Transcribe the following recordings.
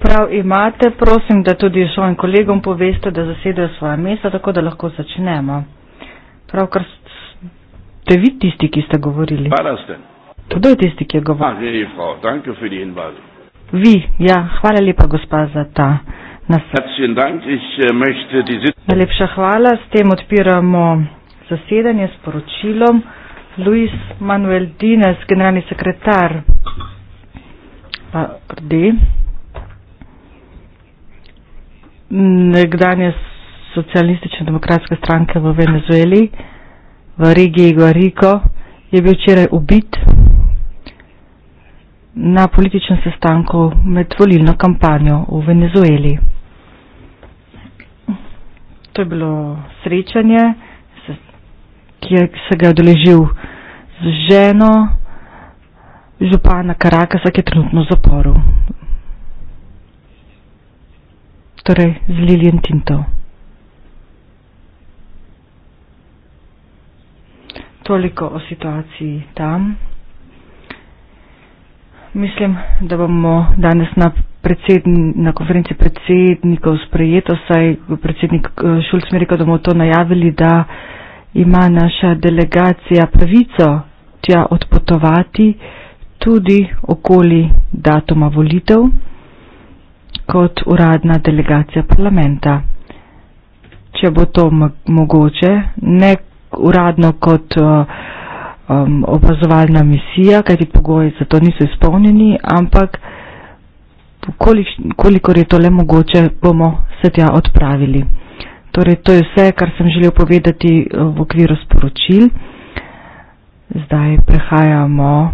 Prav imate, prosim, da tudi svojim kolegom poveste, da zasedejo svoje mesto, tako da lahko začnemo. Pravkar ste vi tisti, ki ste govorili. Kdo je tisti, ki je govoril? Ah, vi, ja, hvala lepa, gospa, za ta nasvet. Äh, Najlepša hvala, s tem odpiramo zasedanje s poročilom. Luis Manuel Dines, generalni sekretar RD, nekdanje socialistične demokratske stranke v Venezueli, v regiji Guarico, je bil včeraj ubit na političnem sestanku med volilno kampanjo v Venezueli. To je bilo srečanje, ki se ga je odeležil z ženo župana Karakasa, ki je trenutno v zaporu. Torej, z Lilijan Tinto. Toliko o situaciji tam. Mislim, da bomo danes na, predsedn, na konferenci predsednikov sprejeto, saj predsednik eh, Šulc mi rekel, da bomo to najavili, da ima naša delegacija pravico tja odpotovati tudi okoli datuma volitev kot uradna delegacija parlamenta. Če bo to mogoče, ne uradno kot uh, um, opazovalna misija, kajti pogoji za to niso izpolnjeni, ampak kolik, kolikor je to le mogoče, bomo se tja odpravili. Torej, to je vse, kar sem želel povedati uh, v okviru sporočil. Zdaj prehajamo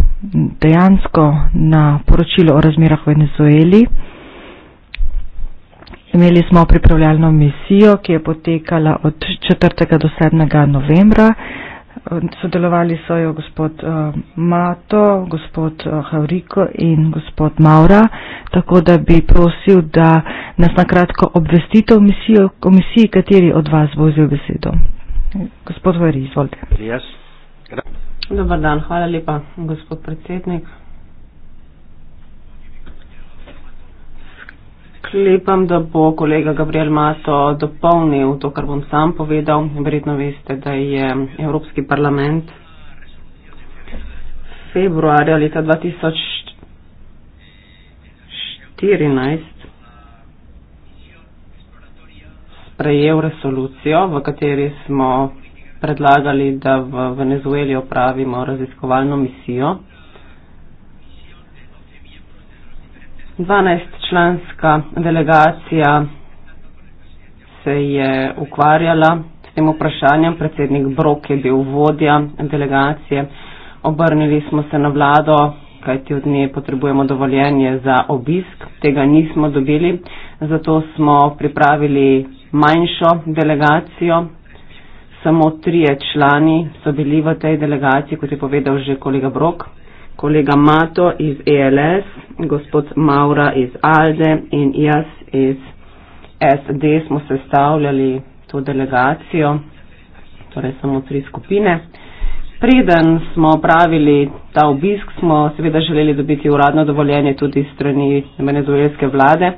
dejansko na poročilo o razmerah v Venezueli. Imeli smo pripravljalno misijo, ki je potekala od 4. do 7. novembra. Sodelovali so jo gospod eh, Mato, gospod eh, Hauriko in gospod Maura, tako da bi prosil, da nas nakratko obvestite o misiji, kateri od vas bo vzel besedo. Gospod Vari, izvolite. Yes. Dobar dan, hvala lepa, gospod predsednik. Sklepam, da bo kolega Gabriel Mato dopolnil to, kar bom sam povedal. Verjetno veste, da je Evropski parlament februarja leta 2014 sprejel resolucijo, v kateri smo predlagali, da v Venezueli opravimo raziskovalno misijo. 12-članska delegacija se je ukvarjala s tem vprašanjem, predsednik Brok je bil vodja delegacije. Obrnili smo se na vlado, kajti od nje potrebujemo dovoljenje za obisk. Tega nismo dobili, zato smo pripravili manjšo delegacijo, samo trije člani so bili v tej delegaciji, kot je povedal že kolega Brok, kolega Mato iz ELS, gospod Maura iz ALDE in jaz iz SD smo sestavljali to delegacijo, torej samo tri skupine. Preden smo opravili ta obisk, smo seveda želeli dobiti uradno dovoljenje tudi strani venezuelske vlade,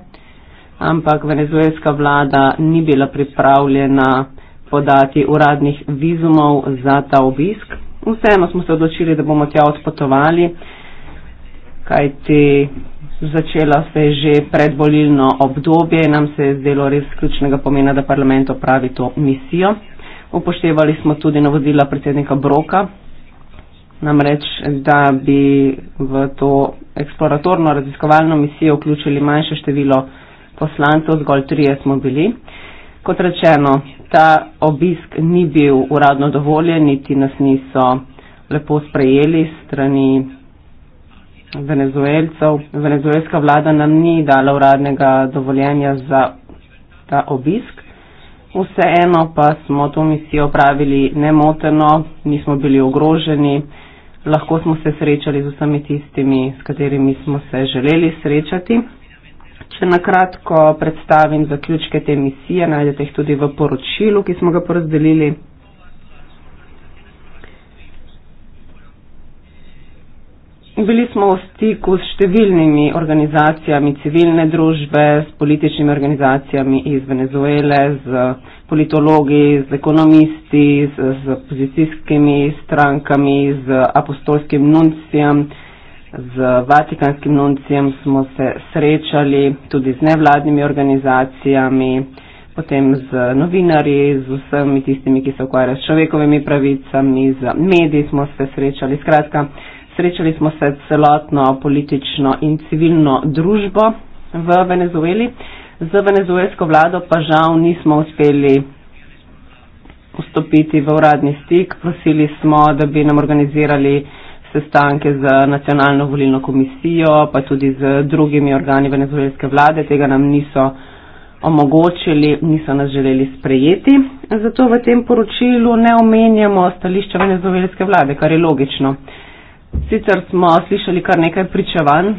ampak venezuelska vlada ni bila pripravljena podati uradnih vizumov za ta obisk. Vseeno smo se odločili, da bomo tja odpotovali, kajti začela se je že predvolilno obdobje in nam se je zdelo res ključnega pomena, da parlament opravi to misijo. Upoštevali smo tudi navodila predsednika Broka, namreč, da bi v to eksploratorno raziskovalno misijo vključili manjše število poslancev, zgolj trije smo bili. Kot rečeno, ta obisk ni bil uradno dovoljen, niti nas niso lepo sprejeli strani venezuelcev. Venezuelska vlada nam ni dala uradnega dovoljenja za ta obisk. Vseeno pa smo to misijo opravili nemoteno, nismo bili ogroženi, lahko smo se srečali z vsemi tistimi, s katerimi smo se želeli srečati. Če nakratko predstavim zaključke te misije, najdete jih tudi v poročilu, ki smo ga porazdelili. Bili smo v stiku s številnimi organizacijami civilne družbe, s političnimi organizacijami iz Venezuele, z politologi, z ekonomisti, z opozicijskimi strankami, z apostolskim nuncijem. Z vatikanskim nuncijem smo se srečali tudi z nevladnimi organizacijami, potem z novinarji, z vsemi tistimi, ki se ukvarjajo s človekovimi pravicami, z mediji smo se srečali. Skratka, srečali smo se celotno politično in civilno družbo v Venezueli. Z venezuelsko vlado pa žal nismo uspeli vstopiti v uradni stik. Prosili smo, da bi nam organizirali sestanke z nacionalno volilno komisijo, pa tudi z drugimi organi venezuelske vlade. Tega nam niso omogočili, niso nas želeli sprejeti. Zato v tem poročilu ne omenjamo stališča venezuelske vlade, kar je logično. Sicer smo slišali kar nekaj pričevanj,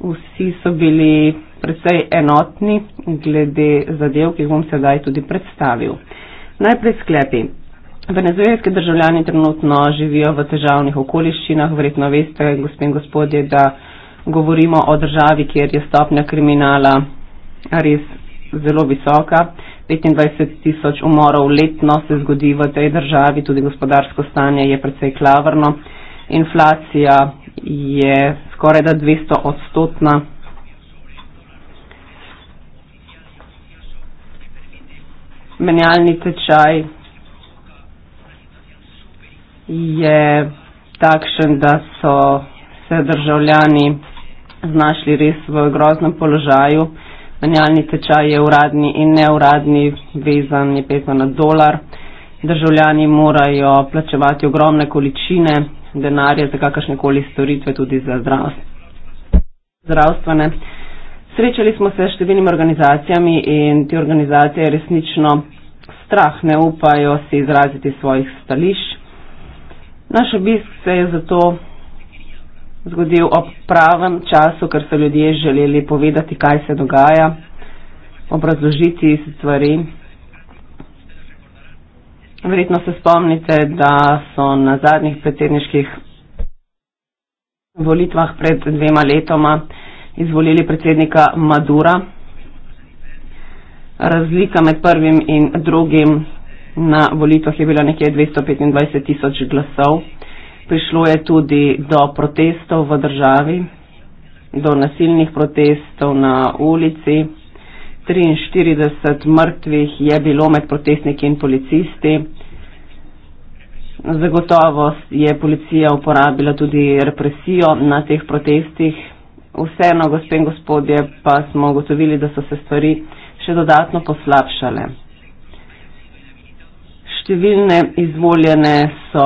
vsi so bili predvsej enotni glede zadev, ki jih bom sedaj tudi predstavil. Najprej sklepi. Venezuelski državljani trenutno živijo v težavnih okoliščinah. Verjetno veste, gospe in gospodje, da govorimo o državi, kjer je stopnja kriminala res zelo visoka. 25 tisoč umorov letno se zgodi v tej državi, tudi gospodarsko stanje je precej klavrno. Inflacija je skoraj da 200 odstotna. Menjalni tečaj je takšen, da so se državljani znašli res v groznem položaju. Menjalni tečaj je uradni in neuradni, vezan je peto na dolar. Državljani morajo plačevati ogromne količine denarja za kakršnekoli storitve, tudi za zdravstvene. Srečali smo se s številnimi organizacijami in te organizacije resnično strah ne upajo si izraziti svojih stališč. Naš obisk se je zato zgodil ob pravem času, ker so ljudje želeli povedati, kaj se dogaja, obrazložiti stvari. Verjetno se spomnite, da so na zadnjih predsedniških volitvah pred dvema letoma izvolili predsednika Madura. Razlika med prvim in drugim na volitvah je bilo nekje 225 tisoč glasov. Prišlo je tudi do protestov v državi, do nasilnih protestov na ulici. 43 mrtvih je bilo med protestniki in policisti. Zagotovo je policija uporabila tudi represijo na teh protestih. Vseeno, gospe in gospodje, pa smo ugotovili, da so se stvari še dodatno poslabšale številne izvoljene so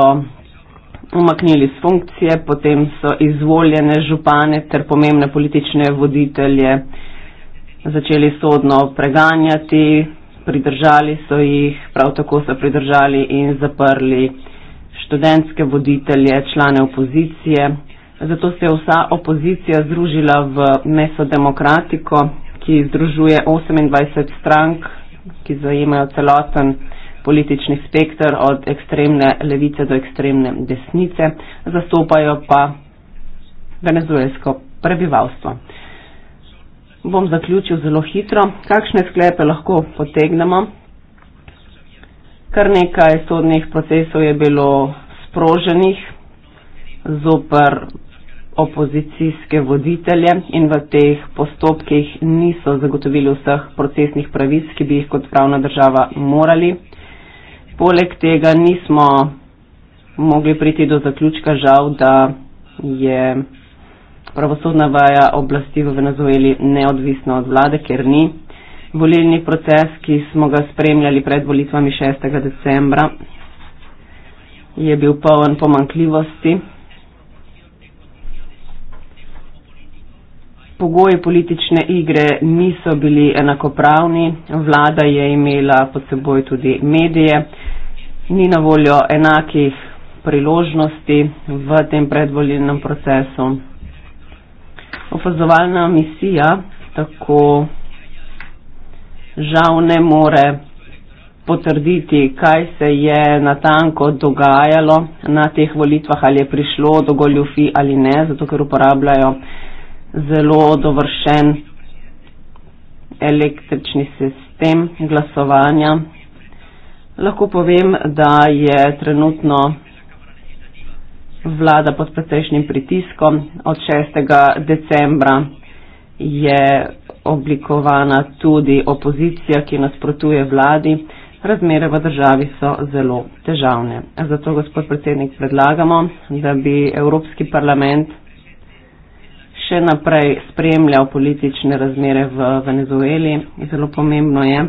umaknili z funkcije, potem so izvoljene župane ter pomembne politične voditelje začeli sodno preganjati, pridržali so jih, prav tako so pridržali in zaprli študentske voditelje, člane opozicije. Zato se je vsa opozicija združila v Mesodemokratiko, ki združuje 28 strank, ki zajemajo celoten politični spektr od ekstremne levice do ekstremne desnice, zastopajo pa venezuelsko prebivalstvo. Bom zaključil zelo hitro. Kakšne sklepe lahko potegnemo? Kar nekaj sodnih procesov je bilo sproženih zoper opozicijske voditelje in v teh postopkih niso zagotovili vseh procesnih pravic, ki bi jih kot pravna država morali Poleg tega nismo mogli priti do zaključka, žal, da je pravosodna vaja oblasti v Venezueli neodvisna od vlade, ker ni. Volilni proces, ki smo ga spremljali pred volitvami 6. decembra, je bil poln pomankljivosti. pogoji politične igre niso bili enakopravni, vlada je imela pod seboj tudi medije, ni na voljo enakih priložnosti v tem predvoljenem procesu. Opazovalna misija tako žal ne more potrditi, kaj se je na tanko dogajalo na teh volitvah, ali je prišlo do goljufi ali ne, zato ker uporabljajo zelo dovršen električni sistem glasovanja. Lahko povem, da je trenutno vlada pod precejšnjim pritiskom. Od 6. decembra je oblikovana tudi opozicija, ki nasprotuje vladi. Razmere v državi so zelo težavne. Zato, gospod predsednik, predlagamo, da bi Evropski parlament še naprej spremljal politične razmere v Venezueli. Zelo pomembno je,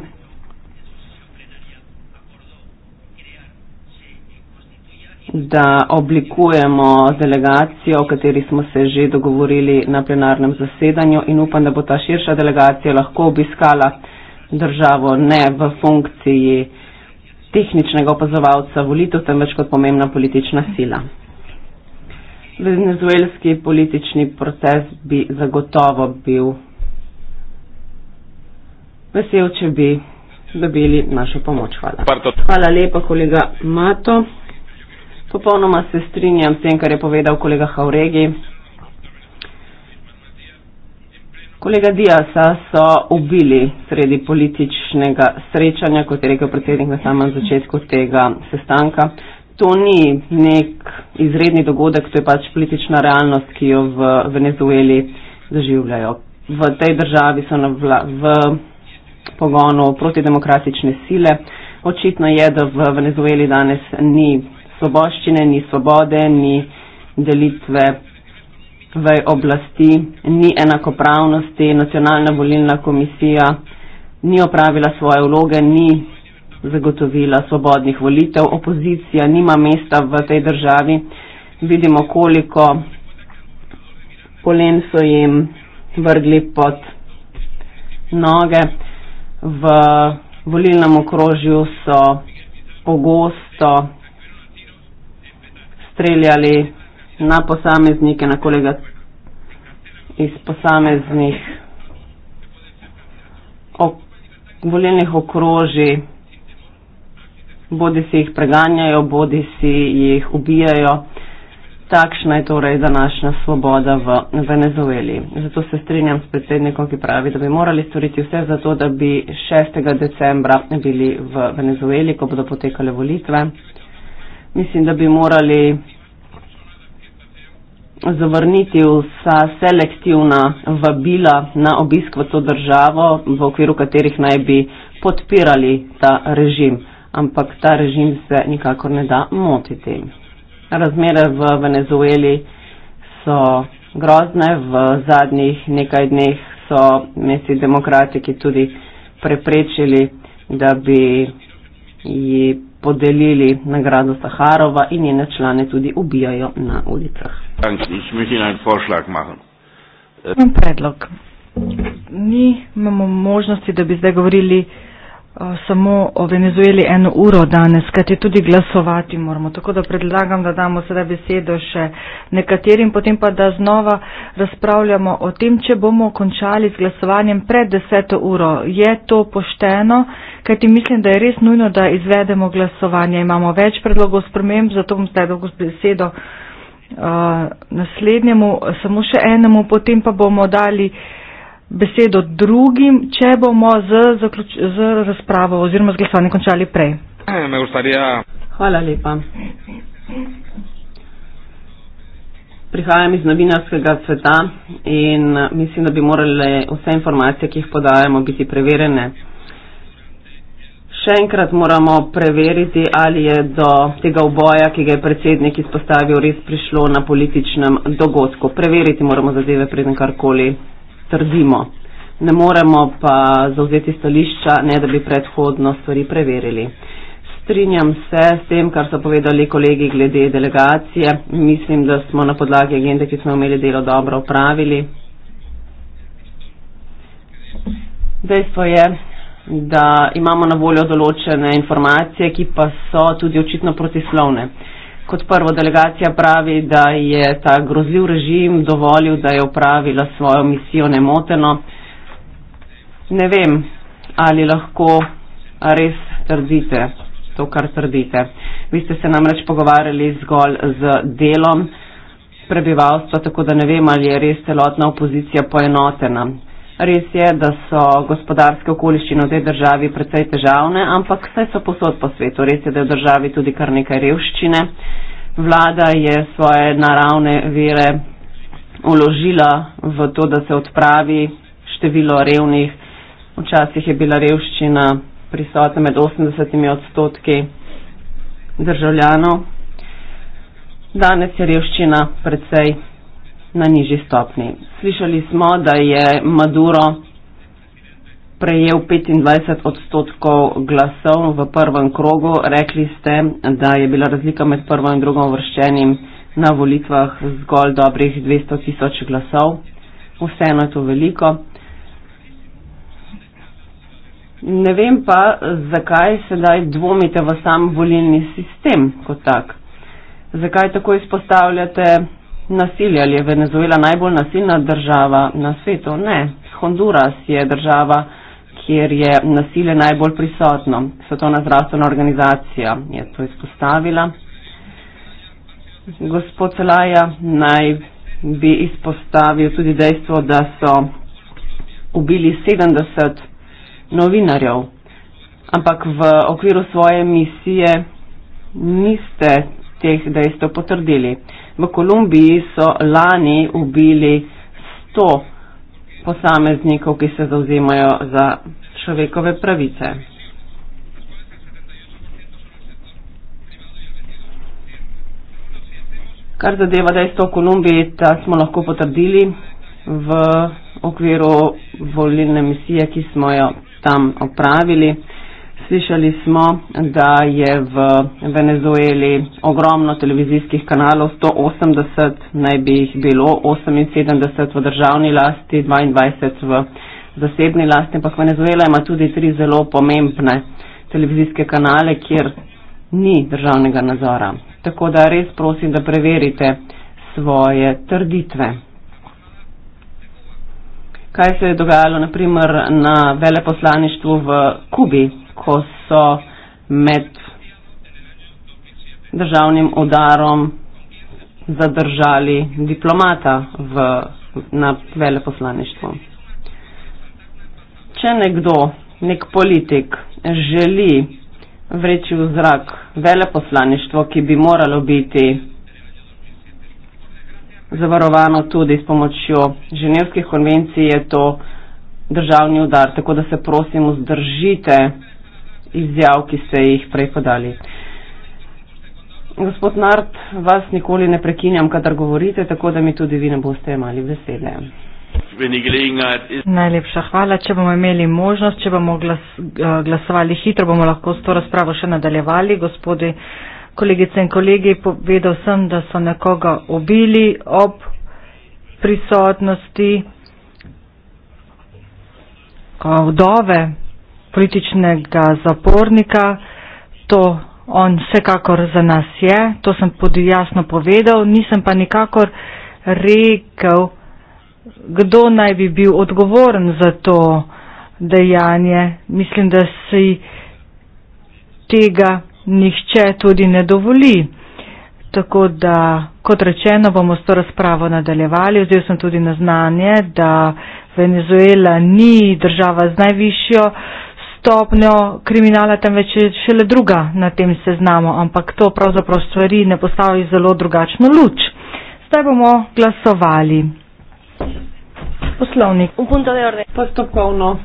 da oblikujemo delegacijo, o kateri smo se že dogovorili na plenarnem zasedanju in upam, da bo ta širša delegacija lahko obiskala državo ne v funkciji tehničnega opazovalca volitev, temveč kot pomembna politična sila venezuelski politični proces bi zagotovo bil vesel, če bi dobili našo pomoč. Hvala. Hvala lepa, kolega Mato. Popolnoma se strinjam s tem, kar je povedal kolega Hauregi. Kolega Diasa so ubili sredi političnega srečanja, kot je rekel predsednik na samem začetku tega sestanka to ni nek izredni dogodek, to je pač politična realnost, ki jo v Venezueli doživljajo. V tej državi so vla, v pogonu protidemokratične sile. Očitno je, da v Venezueli danes ni svoboščine, ni svobode, ni delitve v oblasti, ni enakopravnosti. Nacionalna volilna komisija ni opravila svoje vloge, ni zagotovila svobodnih volitev, opozicija nima mesta v tej državi. Vidimo, koliko polen so jim vrgli pod noge. V volilnem okrožju so pogosto streljali na posameznike, na kolega iz posameznih ok volilnih okrožij bodi si jih preganjajo, bodi si jih ubijajo. Takšna je torej današnja svoboda v Venezueli. Zato se strinjam s predsednikom, ki pravi, da bi morali storiti vse za to, da bi 6. decembra bili v Venezueli, ko bodo potekale volitve. Mislim, da bi morali zavrniti vsa selektivna vabila na obisk v to državo, v okviru katerih naj bi podpirali ta režim ampak ta režim se nikakor ne da motiti. Razmere v Venezueli so grozne, v zadnjih nekaj dneh so mesti demokratiki tudi preprečili, da bi ji podelili nagrado Saharova in njene člane tudi ubijajo na ulicah. Predlog. Mi imamo možnosti, da bi zdaj govorili samo o Venezueli eno uro danes, kajti tudi glasovati moramo. Tako da predlagam, da damo sedaj besedo še nekaterim, potem pa da znova razpravljamo o tem, če bomo končali z glasovanjem pred deseto uro. Je to pošteno, kajti mislim, da je res nujno, da izvedemo glasovanje. Imamo več predlogov sprememb, zato bom sedaj dolgo besedo. Uh, naslednjemu, samo še enemu, potem pa bomo dali uh, besedo drugim, če bomo z, zaključ, z razpravo oziroma z glasovanjem končali prej. Eh, Hvala lepa. Prihajam iz novinarskega sveta in mislim, da bi morale vse informacije, ki jih podajamo, biti preverjene. Še enkrat moramo preveriti, ali je do tega uboja, ki ga je predsednik izpostavil, res prišlo na političnem dogodku. Preveriti moramo zadeve, preden karkoli trdimo. Ne moremo pa zauzeti stališča, ne da bi predhodno stvari preverili. Strinjam se s tem, kar so povedali kolegi glede delegacije. Mislim, da smo na podlagi agende, ki smo imeli delo dobro upravili. Dejstvo je, da imamo na voljo določene informacije, ki pa so tudi očitno protislovne. Uh, Kot prvo, delegacija pravi, da je ta grozljiv režim dovolil, da je upravila svojo misijo nemoteno. Ne vem, ali lahko res trdite to, kar trdite. Vi ste se namreč pogovarjali zgolj z delom prebivalstva, tako da ne vem, ali je res celotna opozicija poenotena. Res je, da so gospodarske okoliščine v tej državi precej težavne, ampak vse so posod po svetu. Res je, da je v državi tudi kar nekaj revščine. Vlada je svoje naravne vere uložila v to, da se odpravi število revnih. Včasih je bila revščina prisotna med 80 odstotki državljanov. Danes je revščina precej na nižji stopni. Slišali smo, da je Maduro prejel 25 odstotkov glasov v prvem krogu. Rekli ste, da je bila razlika med prvo in drugo vrščenim na volitvah zgolj dobrih 200 tisoč glasov. Vseeno je to veliko. Ne vem pa, zakaj sedaj dvomite v sam volilni sistem kot tak. Zakaj tako izpostavljate nasilje, ali je Venezuela najbolj nasilna država na svetu? Ne. Honduras je država, kjer je nasilje najbolj prisotno. Svetovna zdravstvena organizacija je to izpostavila. Gospod Celaja naj bi izpostavil tudi dejstvo, da so ubili 70 novinarjev, ampak v okviru svoje misije niste teh dejstev potrdili. V Kolumbiji so lani ubili 100 posameznikov, ki se zauzemajo za človekove pravice. Kar zadeva dejstvo v Kolumbiji, ta smo lahko potrdili v okviru volilne misije, ki smo jo tam opravili slišali smo, da je v Venezueli ogromno televizijskih kanalov, 180 naj bi jih bilo, 78 v državni lasti, 22 v zasebni lasti, ampak Venezuela ima tudi tri zelo pomembne televizijske kanale, kjer ni državnega nadzora. Tako da res prosim, da preverite svoje trditve. Kaj se je dogajalo naprimer na veleposlaništvu v Kubi? ko so med državnim udarom zadržali diplomata v, na veleposlaništvu. Če nekdo, nek politik, želi vreči v zrak veleposlaništvo, ki bi moralo biti zavarovano tudi s pomočjo ženevskih konvencij, je to državni udar. Tako da se prosim vzdržite izjav, ki ste jih prej podali. Gospod Nart, vas nikoli ne prekinjam, kadar govorite, tako da mi tudi vi ne boste imeli besede. Najlepša hvala. Če bomo imeli možnost, če bomo glas, eh, glasovali hitro, bomo lahko s to razpravo še nadaljevali. Gospodi, kolegice in kolegi, povedal sem, da so nekoga ubili ob prisotnosti eh, vdove političnega zapornika. To on vsekakor za nas je, to sem tudi jasno povedal, nisem pa nikakor rekel, kdo naj bi bil odgovoren za to dejanje. Mislim, da si tega nihče tudi ne dovoli. Tako da, kot rečeno, bomo s to razpravo nadaljevali. Vzel sem tudi na znanje, da Venezuela ni država z najvišjo stopnjo kriminala, temveč je šele druga na tem seznamu, ampak to pravzaprav stvari ne postavi zelo drugačno luč. Zdaj bomo glasovali. Poslovnik. Postopkovno.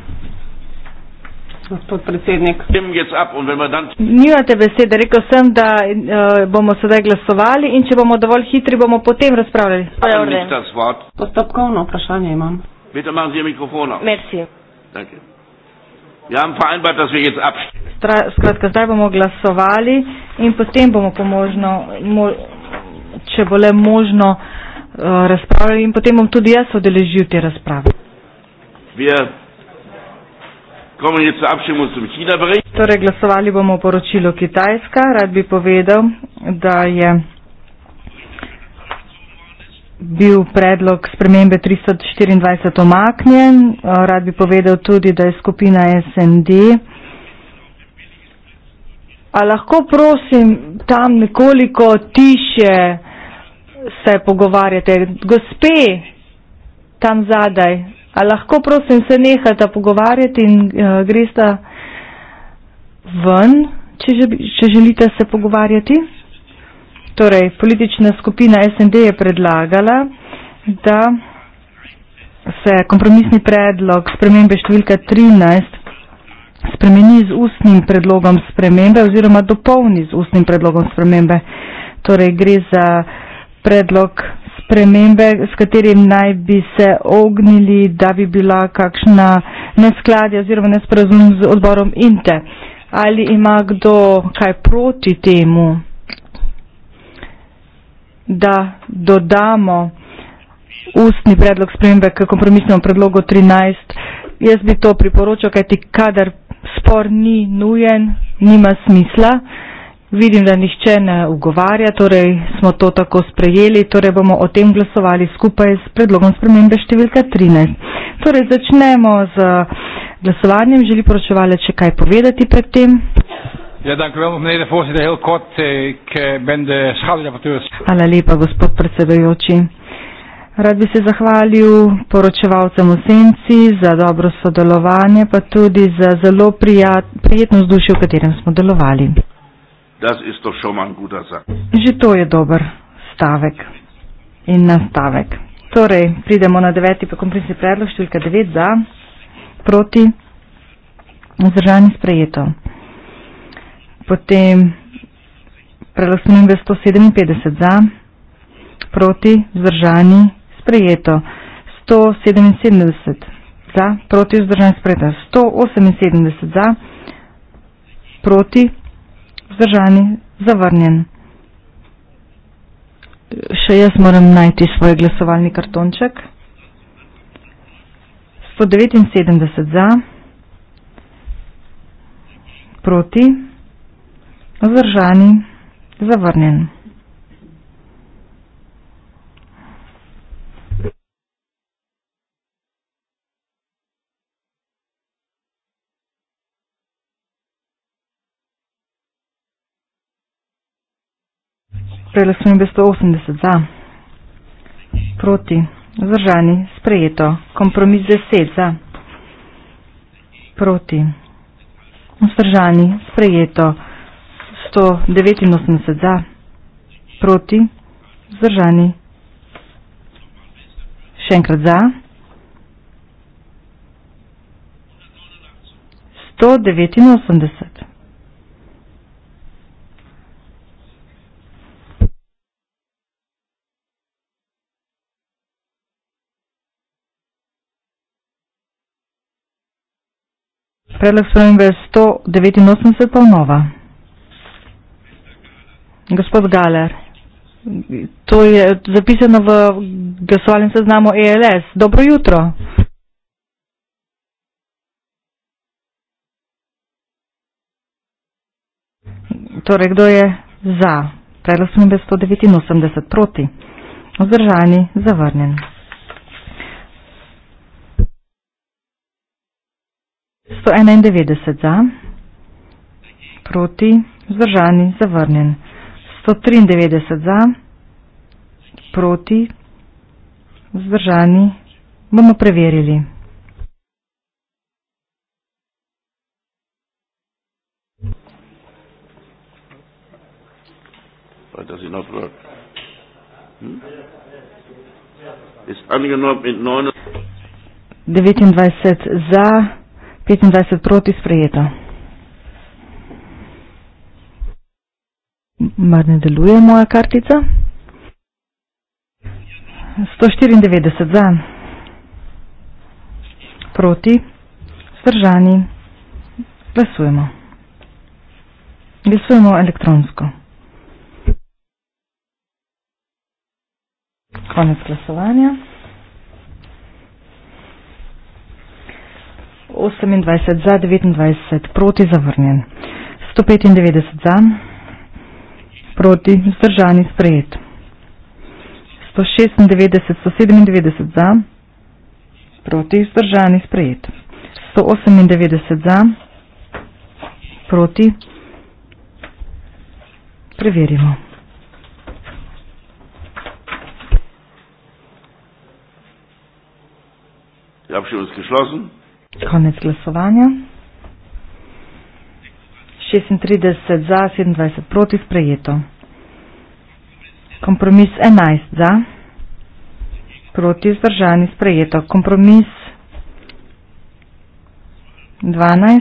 Nimate besede, rekel sem, da uh, bomo sedaj glasovali in če bomo dovolj hitri, bomo potem razpravljali. Postopkovno vprašanje imam. Vidite, imam zdaj mikrofona. Merci. Danke. Skratka, zdaj bomo glasovali in potem bomo pomožno, mo, če bo le možno, uh, razpravljali in potem bom tudi jaz odeležil te razprave. Torej, glasovali bomo o poročilu Kitajska. Rad bi povedal, da je bil predlog spremembe 324 omaknjen. Eh, rad bi povedal tudi, da je skupina SND. A lahko prosim tam nekoliko tiše se pogovarjate. Gospe, tam zadaj, a lahko prosim se nehate pogovarjati in eh, greste ven, če, že, če želite se pogovarjati? Torej, politična skupina SND je predlagala, da se kompromisni predlog spremembe številka 13 spremeni z ustnim predlogom spremembe oziroma dopolni z ustnim predlogom spremembe. Torej, gre za predlog spremembe, s katerim naj bi se ognili, da bi bila kakšna neskladja oziroma nesporazum z odborom INTE. Ali ima kdo kaj proti temu? da dodamo ustni predlog spremembe k kompromisnemu predlogu 13. Jaz bi to priporočal, kajti kadar spor ni nujen, nima smisla. Vidim, da nihče ne ugovarja, torej smo to tako sprejeli, torej bomo o tem glasovali skupaj s predlogom spremembe številka 13. Torej začnemo z glasovanjem, želi poročevalec še kaj povedati pred tem? Ja, dank u wel, meneer de voorzitter. Heel kort, ik eh, ben de schaduwrapporteur. Hvala lepa, gospod predsedujoči. Rad bi se zahvalil poročevalcem v Senci za dobro sodelovanje, pa tudi za zelo prijat, prijetno vzdušje, v katerem smo delovali. Že to je dober stavek in nastavek. Torej, pridemo na deveti kompromisni predlog, številka devet za, proti, zdržani sprejeto. Potem preglasujem 157 za, proti, vzdržani, sprejeto. 177 za, proti, vzdržani, sprejeto. 178 za, proti, vzdržani, zavrnjen. Še jaz moram najti svoj glasovalni kartonček. 179 za, proti, vzdržani. Zdržani. Zavrnjen. Prele smo imeli 180 za, proti, zdržani, sprejeto, kompromis 10 za, proti, vzdržani, sprejeto. 189 za, proti, vzdržani. Še enkrat za. 189. Predlog spremembe 189 pa nova. Gospod Galer, to je zapisano v glasovalnem seznamu ELS. Dobro jutro. Torej, kdo je za? Predlog smo imeli 189 proti. Vzdržani, zavrnjen. Sto enaindevetdeset za, proti, vzdržani, zavrnjen. 193 za, proti, vzdržani, bomo preverili. Does it not work? Hmm? It's only going to be 29 za, 25 proti sprejeto. mar ne deluje moja kartica? 194 za. Proti. Zdržani. Glasujemo. Glasujemo elektronsko. Konec glasovanja. 28 za, 29 proti, zavrnjen. 195 za proti, vzdržani sprejet. 196, 197 za, proti, vzdržani sprejet. 198 za, proti, preverimo. Ja, Konec glasovanja. 36 za, 27 proti sprejeto. Kompromis 11 za, proti zdržani sprejeto. Kompromis 12.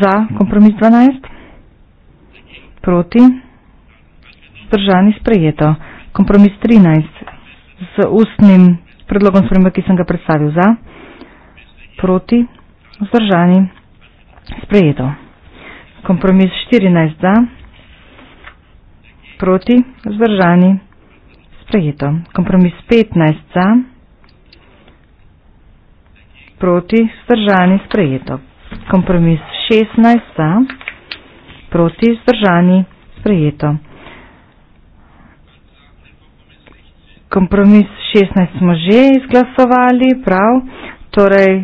Za kompromis 12. Proti. Zdržani sprejeto. Kompromis 13 z ustnim predlogom spremembe, ki sem ga predstavil za, proti, vzdržani, sprejeto. Kompromis 14 za, proti, vzdržani, sprejeto. Kompromis 15 za, proti, vzdržani, sprejeto. Kompromis 16 za, proti, vzdržani, sprejeto. kompromis 16 smo že izglasovali, prav. Torej,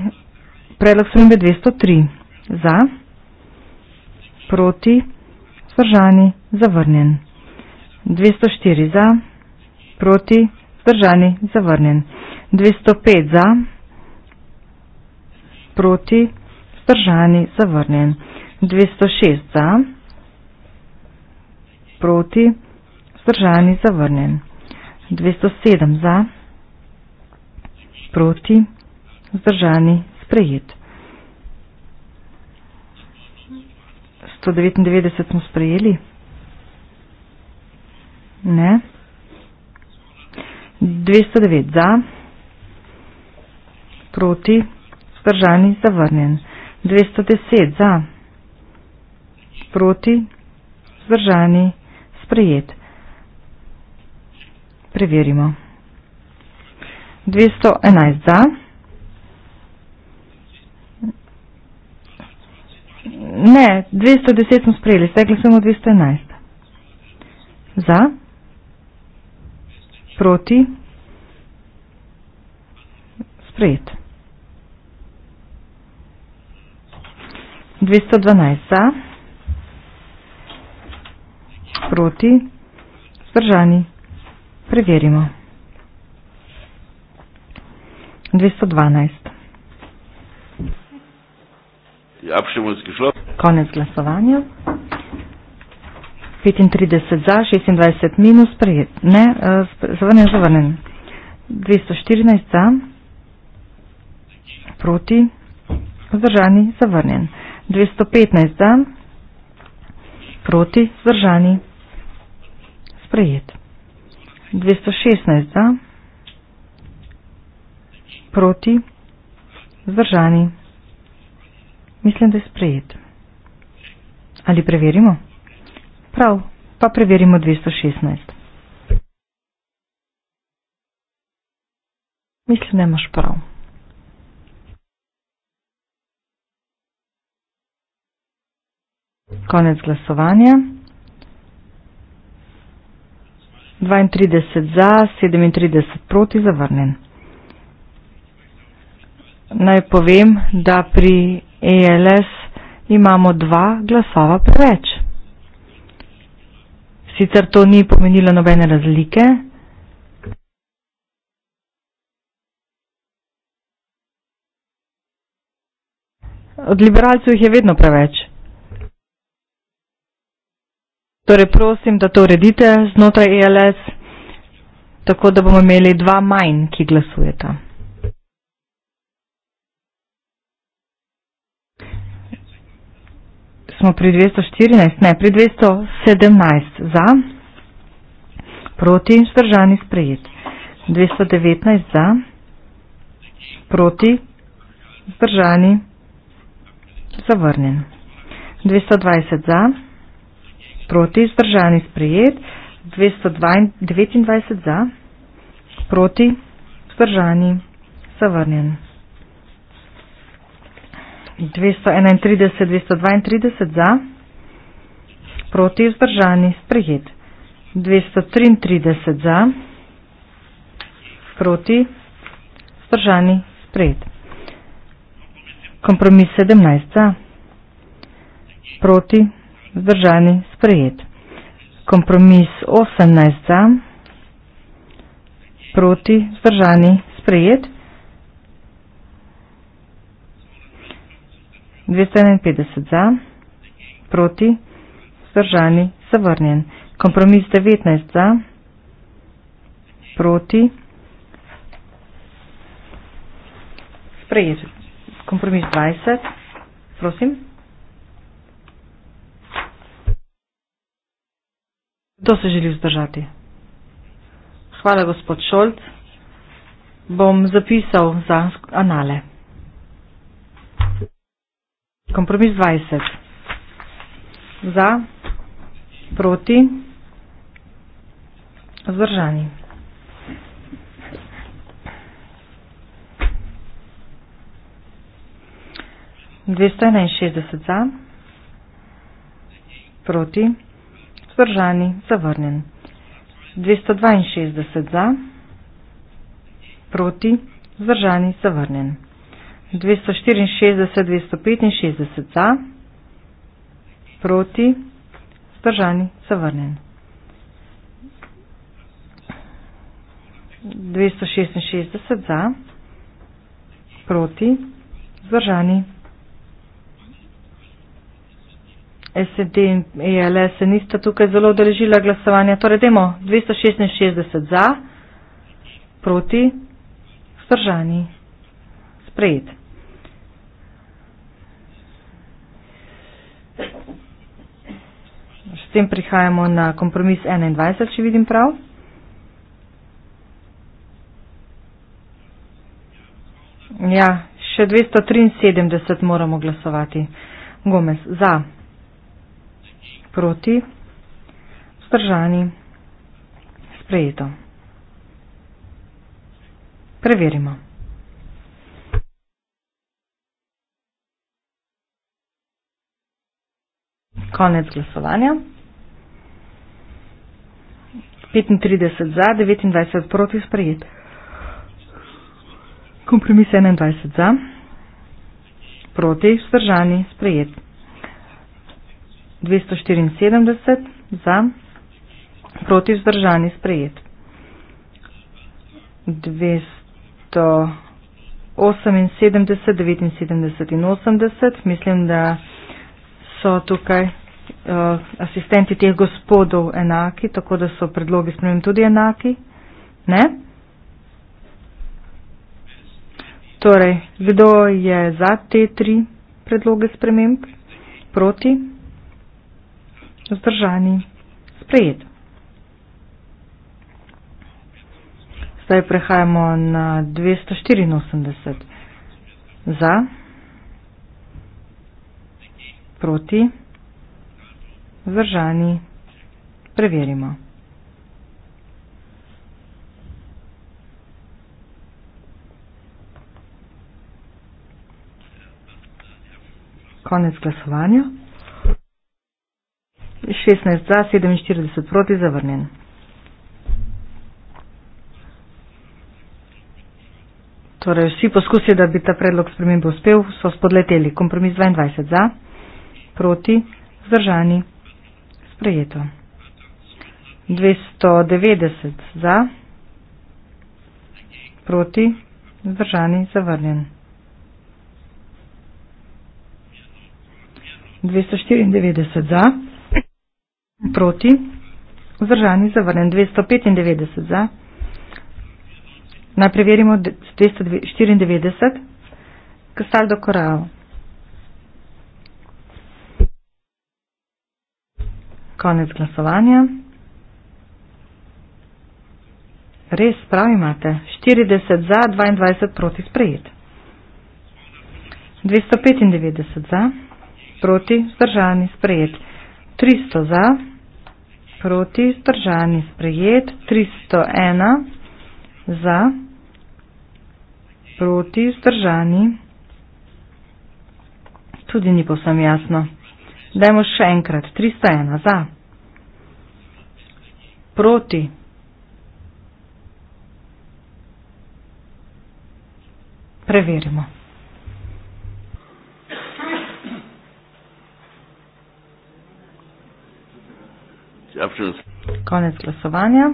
predlog so imbe 203. Za, proti, zdržani, zavrnjen. 204 za, proti, zdržani, zavrnjen. 205 za, proti, zdržani, zavrnjen. 206 za, proti, zdržani, zavrnjen. 207 za, proti, vzdržani, sprejet. 199 smo sprejeli? Ne. 209 za, proti, vzdržani, zavrnjen. 210 za, proti, vzdržani, sprejet. 211. Preverimo. 211 za. Ne, 210 smo sprejeli, ste glasili samo 211. Za. Proti. Sprejet. 212 za. Proti. Zdržani. Preverimo. 212. Ja, Konec glasovanja. 35 za, 26 minus, prejet. ne, zavrnen, zavrnen. 214 za, proti, zdržani, zavrnen. 215 za, proti, zdržani, sprejet. 216, da? proti, zdržani. Mislim, da je sprejet. Ali preverimo? Prav, pa preverimo 216. Mislim, da imaš prav. Konec glasovanja. 32 za, 37 proti zavrnen. Naj povem, da pri ELS imamo dva glasova preveč. Sicer to ni pomenilo nobene razlike. Od liberalcev jih je vedno preveč. Torej prosim, da to uredite znotraj ELS, tako da bomo imeli dva manj, ki glasujeta. Smo pri 214, ne, pri 217 za, proti, vzdržani sprejet. 219 za, proti, vzdržani, zavrnjen. 220 za, Proti zdržani sprejet. 229 za. Proti zdržani zavrnjen. 231-232 za. Proti vzdržani sprejet. 233 za. Proti vzdržani sprejet. Kompromis 17 za. Proti vzdržani sprejet sprejet. Kompromis 18 za, proti zdržani sprejet. 251 za, proti zdržani zavrnjen. Kompromis 19 za, proti sprejet. Kompromis 20, prosim. Kdo se želi vzdržati? Hvala, gospod Šolc. Bom zapisal za anale. Kompromis 20. Za, proti, vzdržani. Dvesto enajstdeset za, proti. Vzdržani. Zavrnjen. 262 za. Proti. Vzdržani. Zavrnjen. 264-265 za. Proti. Vzdržani. Zavrnjen. 266 za. Proti. Vzdržani. SD in ELS se nista tukaj zelo odrežila glasovanja. Torej, demo 266 za, proti, vzdržani, sprejet. S tem prihajamo na kompromis 21, če vidim prav. Ja, še 273 moramo glasovati. Gomez, za proti, vzdržani, sprejeto. Preverimo. Konec glasovanja. 35 za, 29 proti, sprejet. Kompromis 21 za, proti, vzdržani, sprejet. 274 za, proti vzdržani sprejet. 278, 79 in 80, mislim, da so tukaj uh, asistenti teh gospodov enaki, tako da so predlogi sprememb tudi enaki. Ne? Torej, kdo je za te tri predloge sprememb? Proti? vzdržani, sprejet. Zdaj prehajamo na 284. Za, proti, vzdržani, preverimo. Konec glasovanja. 16 za, 47 proti zavrnjen. Torej, vsi poskusi, da bi ta predlog spremen bo uspel, so spodleteli. Kompromis 22 za, proti, zdržani, sprejeto. 290 za, proti, zdržani, zavrnjen. 294 za. Proti. Vzdržani zavrnjen. 295 za. Najprej verimo 294. Kastaldo Korao. Konec glasovanja. Res, prav imate. 40 za, 22 proti sprejet. 295 za, proti, zdržani, sprejet. 300 za, proti, vzdržani, sprejet, 301 za, proti, vzdržani. Tudi ni posem jasno. Dajmo še enkrat, 301 za, proti. Preverimo. abstinence. Konec glasovanja.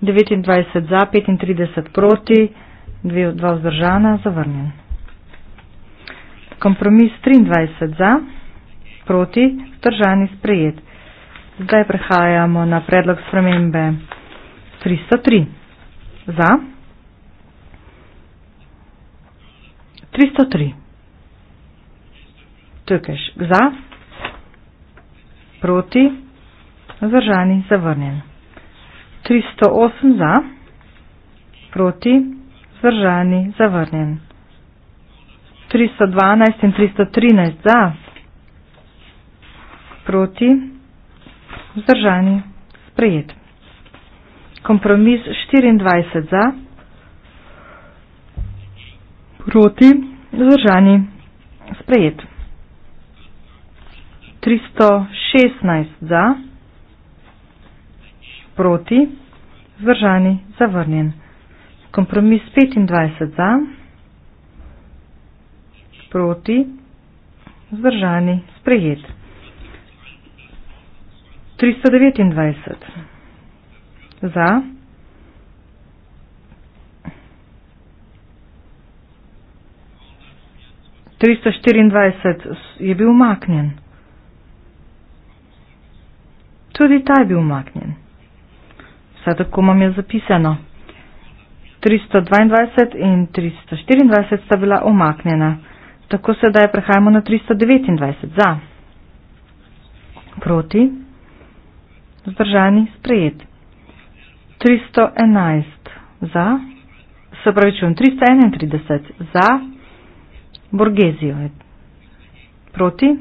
29 za, 35 proti, 2 od 2 vzdržana, zavrnjen. Kompromis 23 za, proti, vzdržani sprejet. Zdaj prehajamo na predlog spremembe 303 za, 303, tukaj še za, proti, vzdržani sprejet. Zdržani, zavrnjen. 308 za, proti, zdržani, zavrnjen. 312 in 313 za, proti, zdržani, sprejet. Kompromis 24 za, proti, zdržani, sprejet. 316 za, proti, zdržani, sprejet proti, zdržani, zavrnjen. Kompromis 25 za, proti, zdržani, sprejet. 329 za, Tristo štiriindvajset je bil umaknjen. Tudi ta je bil umaknjen. Saj tako imam jaz zapisano. 322 in 324 sta bila omaknjena. Tako sedaj prehajamo na 329. Za. Proti. Zdržani. Sprejet. 311. Za. Se pravi, čujem. 331. Za. Borgezijo je. Proti.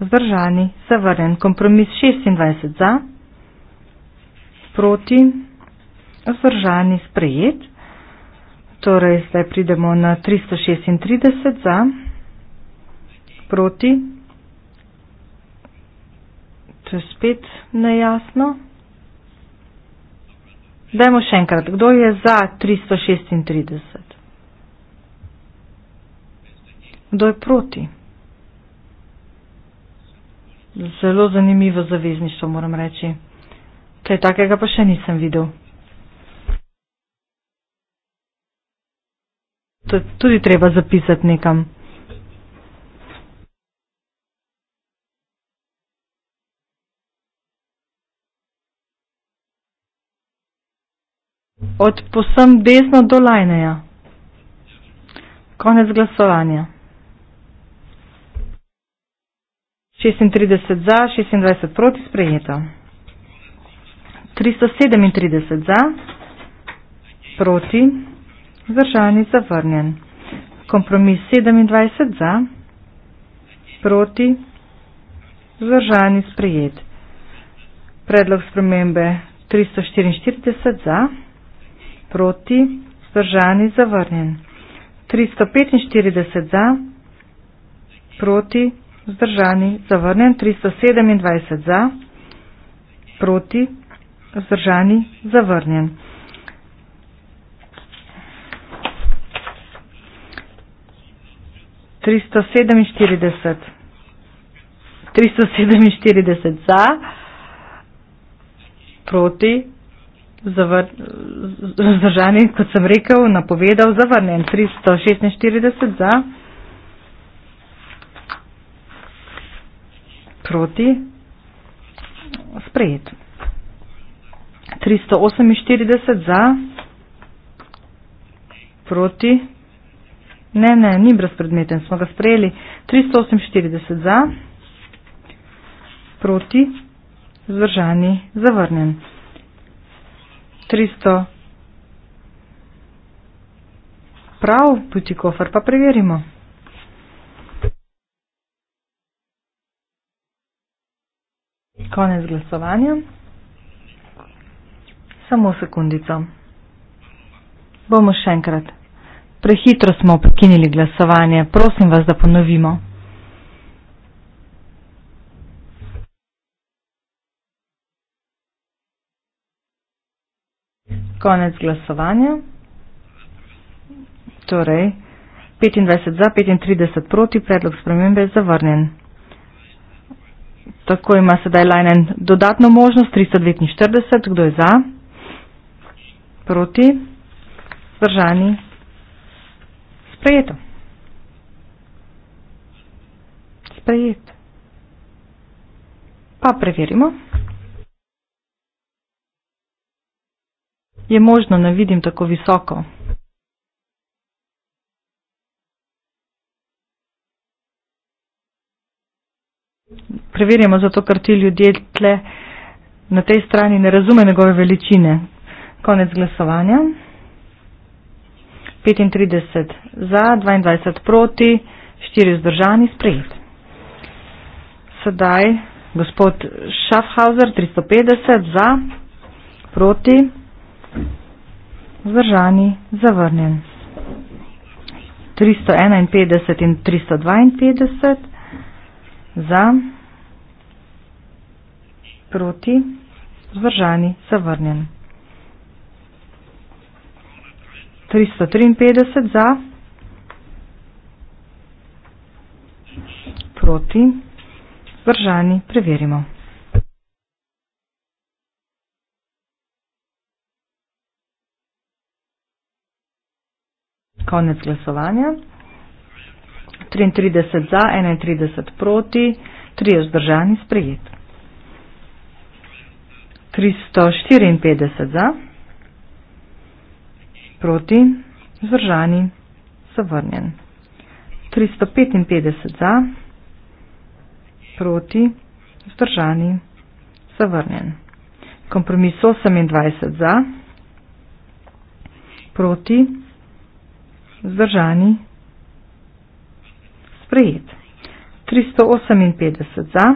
Zdržani. Zavrnen. Kompromis 26. Za sproti, vzdržani, sprejet. Torej, zdaj pridemo na 336 za, proti. To je spet nejasno. Dajmo še enkrat, kdo je za 336? Kdo je proti? Zelo zanimivo zavezništvo, moram reči. Kaj takega pa še nisem videl. To je tudi treba zapisati nekam. Od posem desno do lajneja. Konec glasovanja. 36 za, 26 proti sprejeto. 337 za, proti, vzdržani, zavrnjen. Kompromis 27 za, proti, vzdržani, sprejet. Predlog spremembe 344 za, proti, vzdržani, zavrnjen. 345 za, proti, vzdržani, zavrnjen. 327 za, proti, vzdržani, zavrnjen vzdržani, zavrnjen. Tristo sedeminštirideset za, proti, vzdržani, kot sem rekel, napovedal, zavrnjen. Tristo šestinštirideset za, proti, sprejet. 348 za, proti, ne, ne, ni brezpredmeten, smo ga sprejeli. 348 za, proti, zdržani, zavrnjen. 300 prav, puti kofer, pa preverimo. Konec glasovanja. Samo sekundico. Bomo še enkrat. Prehitro smo prekinili glasovanje. Prosim vas, da ponovimo. Konec glasovanja. Torej, 25 za, 35 proti, predlog spremembe je zavrnjen. Tako ima sedaj Lajnen dodatno možnost 349, kdo je za? proti, zdržani, sprejeto. Sprejet. Pa preverimo. Je možno, da vidim tako visoko. Preverjamo zato, ker ti ljudje tle na tej strani ne razume njegove veličine. Konec glasovanja. 35 za, 22 proti, 4 vzdržani, sprejet. Sedaj gospod Schaffhauser, 350 za, proti, vzdržani, zavrnjen. 351 in 352 za, proti, vzdržani, zavrnjen. 353 za, proti, vzdržani, preverimo. Konec glasovanja. 33 za, 31 proti, 3 vzdržani, sprejet. 354 za, proti, vzdržani, zavrnjen. 355 za, proti, vzdržani, zavrnjen. Kompromis 28 za, proti, vzdržani, sprejet. 358 za,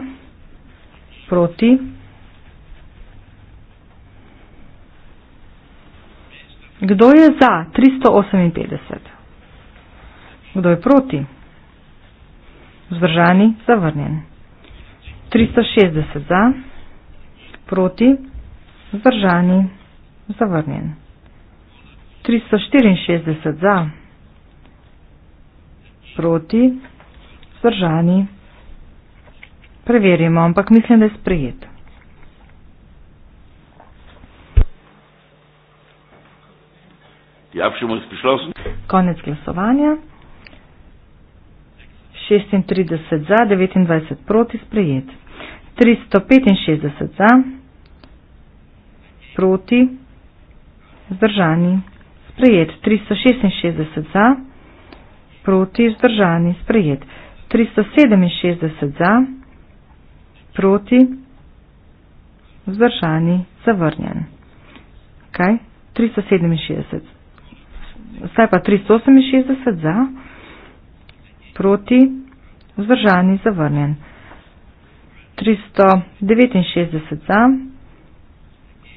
proti, vzdržani. Kdo je za 358? Kdo je proti? Vzdržani, zavrnjen. 360 za, proti, vzdržani, zavrnjen. 364 za, proti, vzdržani, preverimo, ampak mislim, da je sprejet. die Abstimmung ist beschlossen. Konec glasovanja. 36 za, 29 proti sprejet. 365 za, proti, zdržani, sprejet. 366 za, proti, zdržani, sprejet. 367 za, proti, zdržani, zavrnjen. Kaj? 367. Zdaj pa 368 za, proti, vzdržani, zavrnjen. 369 za,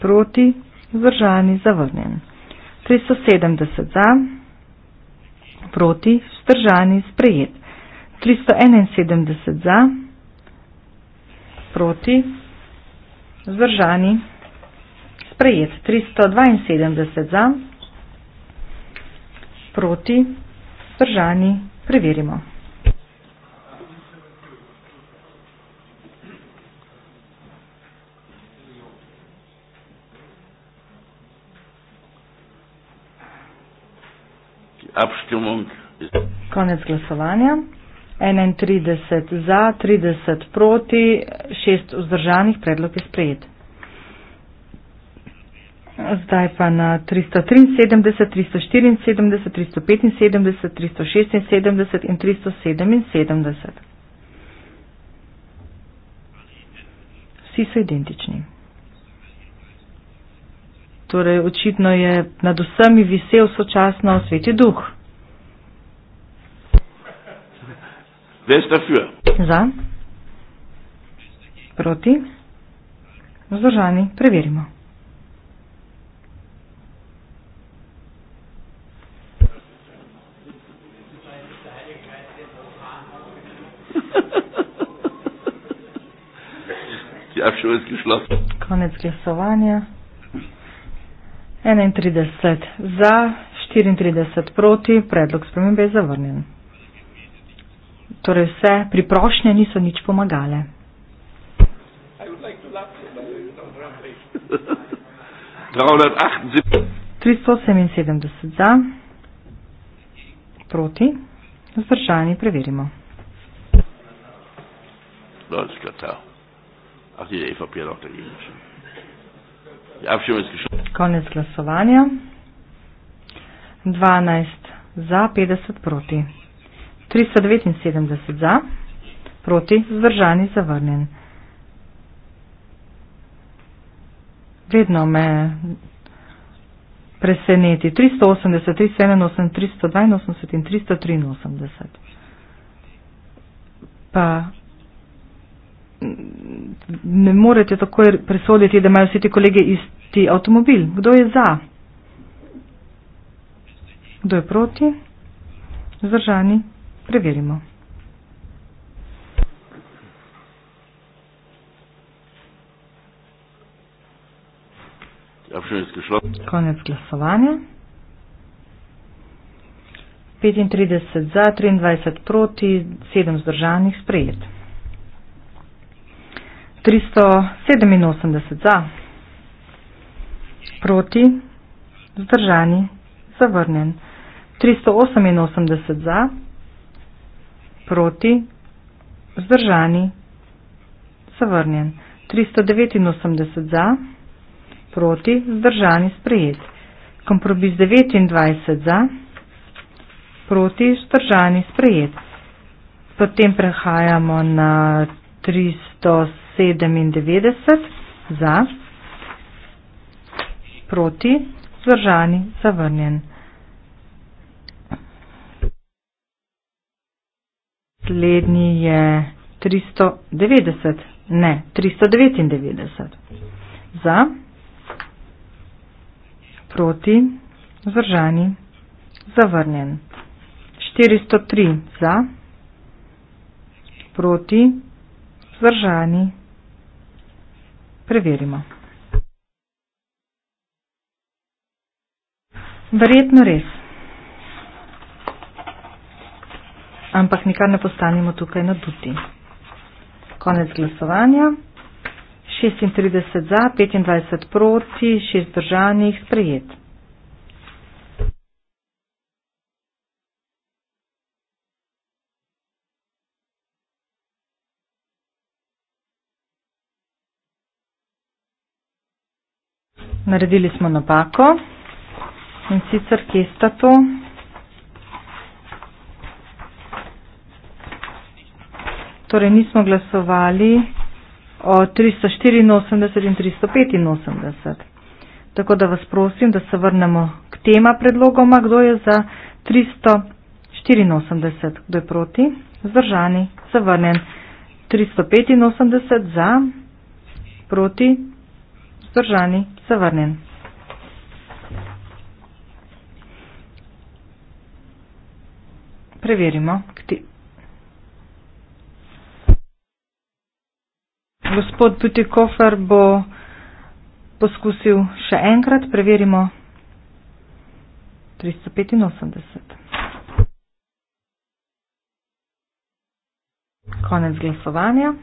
proti, vzdržani, zavrnjen. 370 za, proti, vzdržani, sprejet. 371 za, proti, vzdržani, sprejet. 372 za, proti, vzdržani, sprejet proti, držani, preverimo. Konec glasovanja. 31 za, 30 proti, 6 vzdržanih, predlog je sprejet. Zdaj pa na 373, 374, 375, 376 in 377. Vsi so identični. Torej, očitno je nad vsemi visel sočasno sveti duh. Za? Proti? Vzdržani, preverimo. Jakšo je glasovanje? Konec glasovanja. 31 za, 34 proti, predlog spremembe je zavrnjen. Torej vse priprošnje niso nič pomagale. Trisoseminsedemdeset za, proti, vzdržani, preverimo. Dobro, Ach, die EVP hat auch dagegen gestimmt. Die Abstimmung ist geschlossen. Konec glasovanja. 12 za, 50 proti. 379 za, proti, zdržani, zavrnjen. Vedno me preseneti. 380, 387, 382 in 383. Pa ne morete takoj presoditi, da imajo vsi ti kolegi isti avtomobil. Kdo je za? Kdo je proti? Zdržani. Preverimo. Ja, Konec glasovanja. 35 za, 23 proti, 7 zdržanih sprejet. 387 za, proti, zdržani, zavrnen. 388 za, proti, zdržani, zavrnjen. 389 za, proti, zdržani, sprejet. Kompromis 29 za, proti, zdržani, sprejet. Potem prehajamo na 370. 97, za, proti, zdržani, zavrnjen. Naslednji je 390, ne, 399, za, proti, zdržani, zavrnjen. 403 za, proti, zdržani, zavrnjen. Preverimo. Verjetno res. Ampak nikar ne postanimo tukaj naduti. Konec glasovanja. 36 za, 25 proti, 6 držanih, sprejet. Naredili smo napako in sicer kje sta to? Torej nismo glasovali o 384 in 385. Tako da vas prosim, da se vrnemo k tema predlogoma, kdo je za 384, kdo je proti, zdržani, zavrnen. 385 za, proti, zdržani zavrnjen. Preverimo. Gospod Tutikofer bo poskusil še enkrat. Preverimo. 385. Konec glasovanja.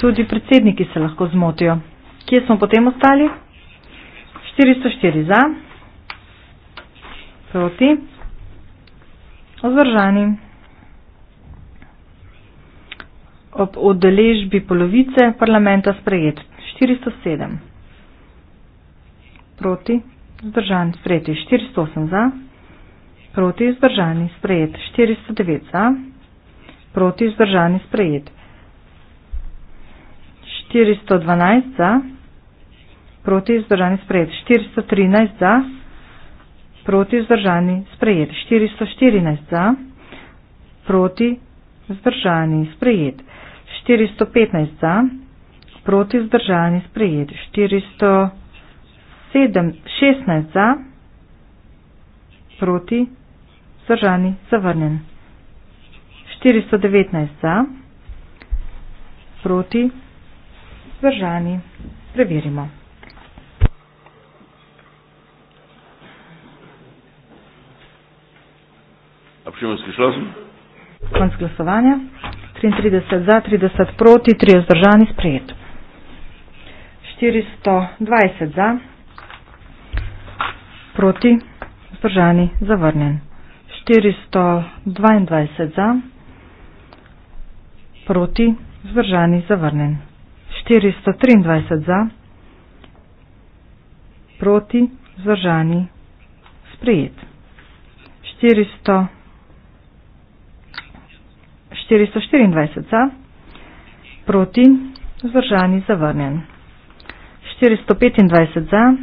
Tudi predsedniki se lahko zmotijo. Kje smo potem ostali? 404 za, proti, ozdržani. Ob odeležbi polovice parlamenta sprejet 407, proti, ozdržani, sprejet 408 za, proti, ozdržani, sprejet 409 za, proti, ozdržani, sprejet 409. 412 za, proti vzdržani sprejet. 413 za, proti vzdržani sprejet. 414 za, proti vzdržani sprejet. 415 za, proti vzdržani sprejet. 416 za, proti vzdržani zavrnen. 419 za, proti vzdržani sprejet vzdržani. Preverimo. Konc glasovanja. 33 za, 30 proti, 3 vzdržani sprejet. 420 za, proti, vzdržani zavrnjen. 422 za, proti, vzdržani zavrnjen. 423 za, proti, vzdržani, sprijet. 424 za, proti, vzdržani, zavrnjen. 425 za,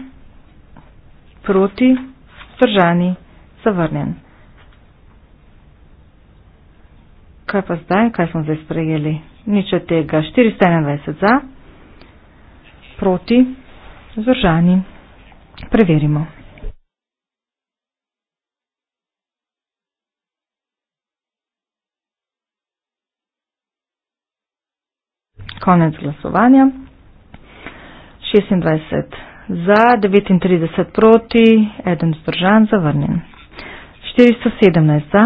proti, vzdržani, zavrnjen. kaj pa zdaj, kaj smo zdaj sprejeli? Nič od tega. 421 za, proti, zdržani. Preverimo. Konec glasovanja. 26 za, 39 proti, 1 zdržan, zavrnjen. 417 za,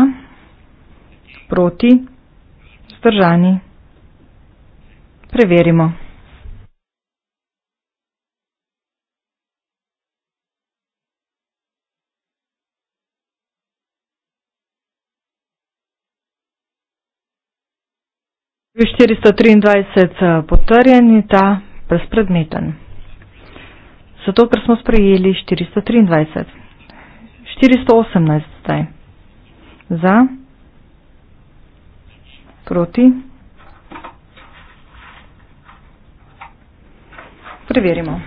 proti, vzdržani. Preverimo. Je 423 eh, potrjen in ta brezpredmeten. Zato, ker smo sprejeli 423. 418 zdaj. Za proti. Preverimo.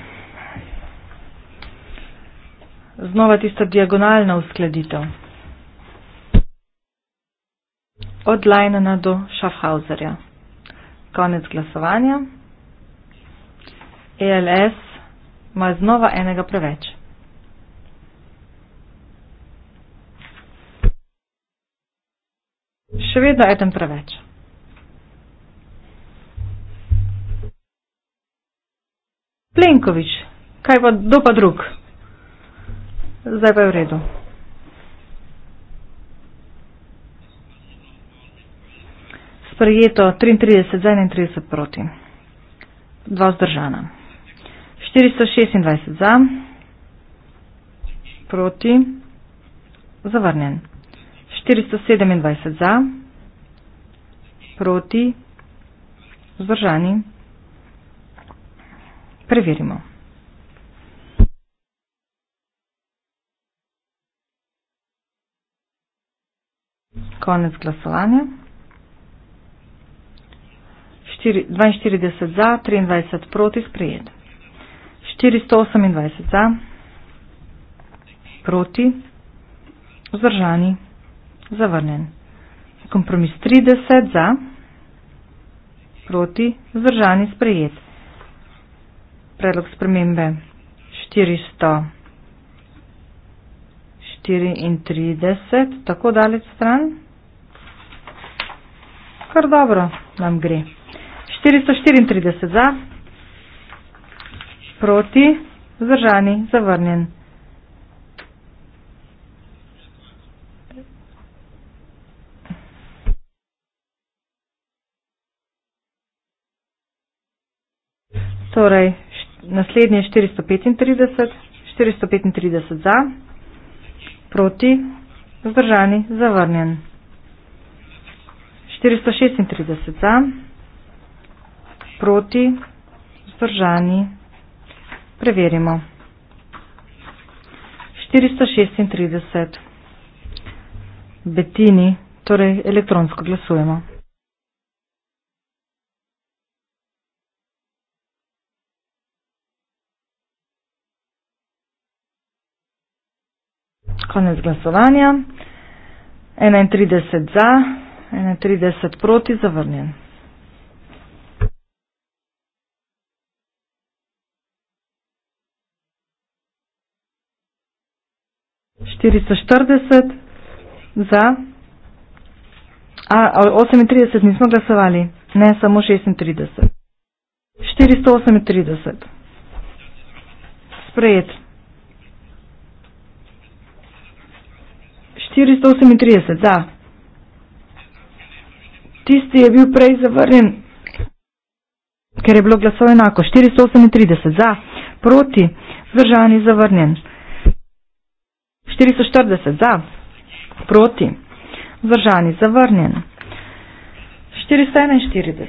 Znova tista diagonalna uskladitev. Od Leinena do Schaffhauserja. Konec glasovanja. ELS ima znova enega preveč. še vedno eden preveč. Plenkovič, kaj pa kdo pa drug? Zdaj pa je v redu. Sprejeto 33 za 31 proti. Dva zdržana. 426 za, proti, zavrnjen. 427 za proti vzdržani. Preverimo. Konec glasovanja. 42 za, 23 proti sprejet. 428 za, proti, vzdržani, zavrnjen. Kompromis 30 za, proti, vzdržani sprejet. Predlog spremembe 434, tako daleč stran. Kar dobro nam gre. 434 za, proti, vzdržani, zavrnjen. Torej, naslednje 435, 435 za, proti, vzdržani, zavrnjen. 436 za, proti, vzdržani, preverimo. 436. Betini, torej elektronsko glasujemo. Konec glasovanja. 31 za, 31 proti, zavrnjen. Štiristo štirideset za, a osemintrideset nismo glasovali, ne samo šestintrideset. Štiristo osemintrideset. Sprejet. 438, da. Tisti je bil prej zavrnjen, ker je bilo glasov enako. 438, za. Proti, zdržan je zavrnjen. 440, za. Proti, zdržan je zavrnjen. 441,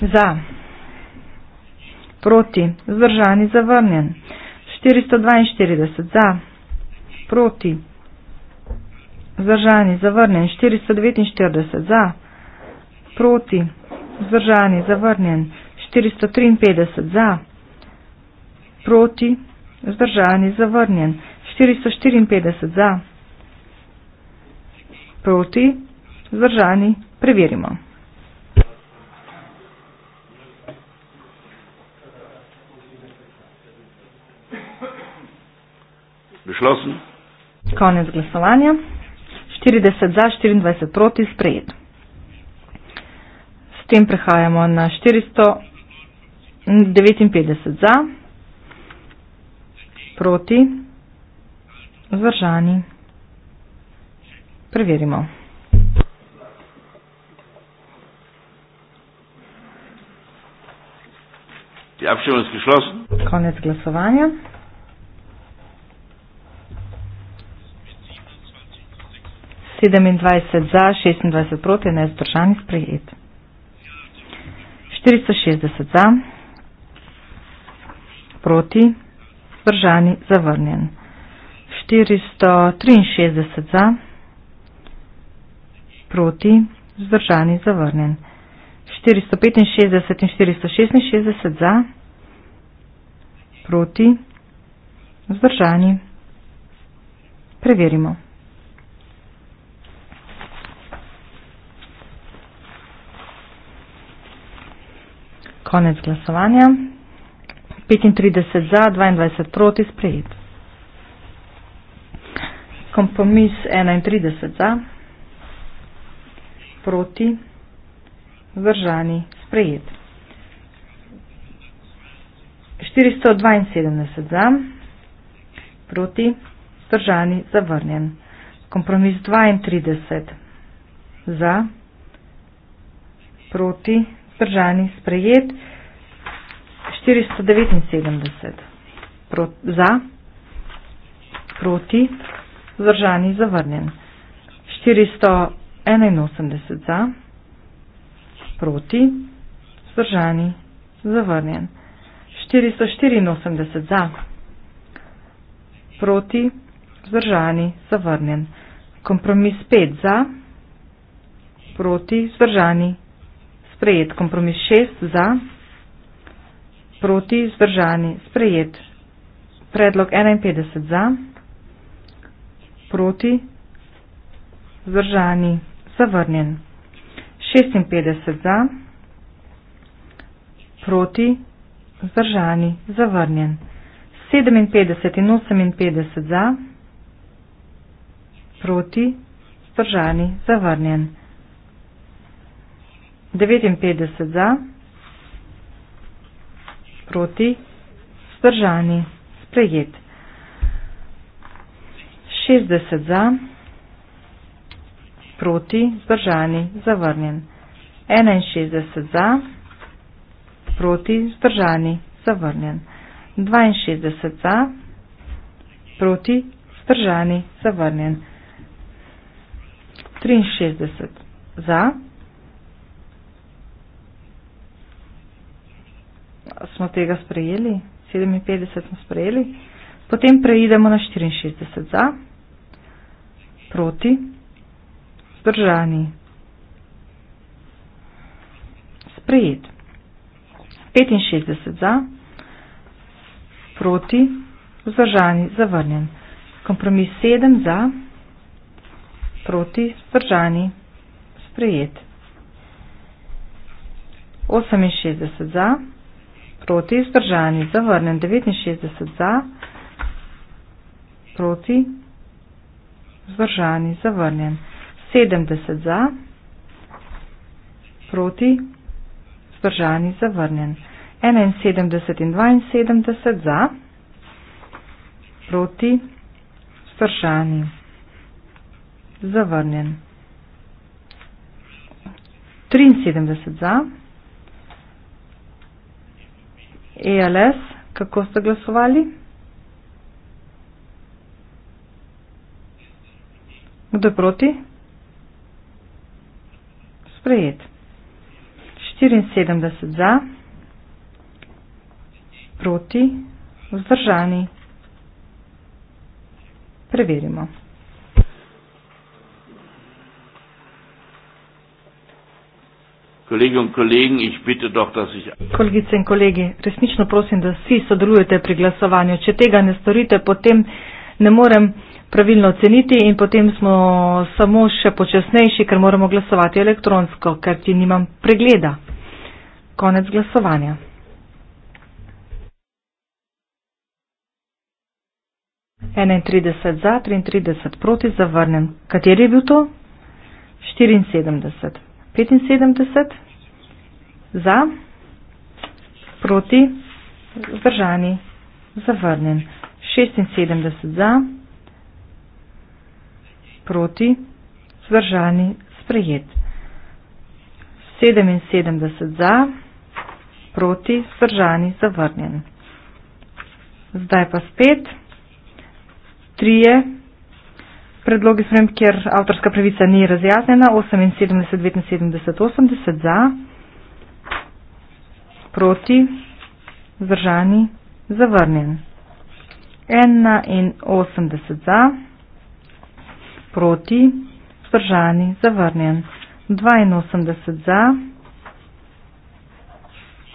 za. Proti, zdržan je zavrnjen. 442, za. Proti. Zdržani, zavrnjen. 449 za. Proti. Zdržani, zavrnjen. 453 za. Proti. Zdržani, zavrnjen. 454 za. Proti. Zdržani, preverimo. Konec glasovanja. 40 za, 24 proti, sprejet. S tem prehajamo na 459 za, proti, zdržani. Preverimo. Ja, Konec glasovanja. 27 za, 26 proti, 11 vprašanj sprejet. 460 za, proti, vzdržani, zavrnjen. 463 za, proti, vzdržani, zavrnjen. 465 in 466 za, proti, vzdržani. Preverimo. Konec glasovanja. 35 za, 22 proti, sprejet. Kompromis 31 za, proti, vzdržani, sprejet. 472 za, proti, vzdržani, zavrnjen. Kompromis 32 za, proti, vzdržani vzdržani, sprejet 479 Pro, za, proti, vzdržani, zavrnjen 481 za, proti, vzdržani, zavrnjen 484 za, proti, vzdržani, zavrnjen kompromis 5 za, proti, vzdržani, Sprejet. Kompromis 6 za. Proti. Zdržani. Sprejet. Predlog 51 za. Proti. Zdržani. Zavrnjen. 56 za. Proti. Zdržani. Zavrnjen. 57 in 58 za. Proti. Zdržani. Zavrnjen. 59 za, proti, vzdržani, sprejet. 60 za, proti, vzdržani, zavrnjen. 61 za, proti, vzdržani, zavrnjen. 62 za, proti, vzdržani, zavrnjen. 63 za, proti, vzdržani, zavrnjen. smo tega sprejeli, 57 smo sprejeli, potem preidemo na 64 za, proti, zdržani, sprejet. 65 za, proti, vzdržani, zavrnjen. Kompromis 7 za, proti, vzdržani, sprejet. 68 za, proti vzdržani, zavrnem 69 za, proti vzdržani, zavrnem 70 za, proti vzdržani, zavrnem 71 in 72 za, proti vzdržani, zavrnem 73 za, proti vzdržani, zavrnem ELS, kako ste glasovali? Kdo je proti? Sprejet. 74 za, proti, vzdržani. Preverimo. Kolegice in kolegi, resnično prosim, da vsi sodelujete pri glasovanju. Če tega ne storite, potem ne morem pravilno oceniti in potem smo samo še počasnejši, ker moramo glasovati elektronsko, ker ti nimam pregleda. Konec glasovanja. Za, 33 proti, zavrnem. Kateri je bil to? 74. 75 za, proti, zdržani, zavrnjen. 76 za, proti, zdržani, sprejet. 77 za, proti, zdržani, zavrnjen. Zdaj pa spet, trije, Predlogi sprem, kjer avtorska pravica ni razjasnjena. 78, 79, 80 za, proti, zdržani, zavrnjen. 81 za, proti, zdržani, zavrnjen. 82 za,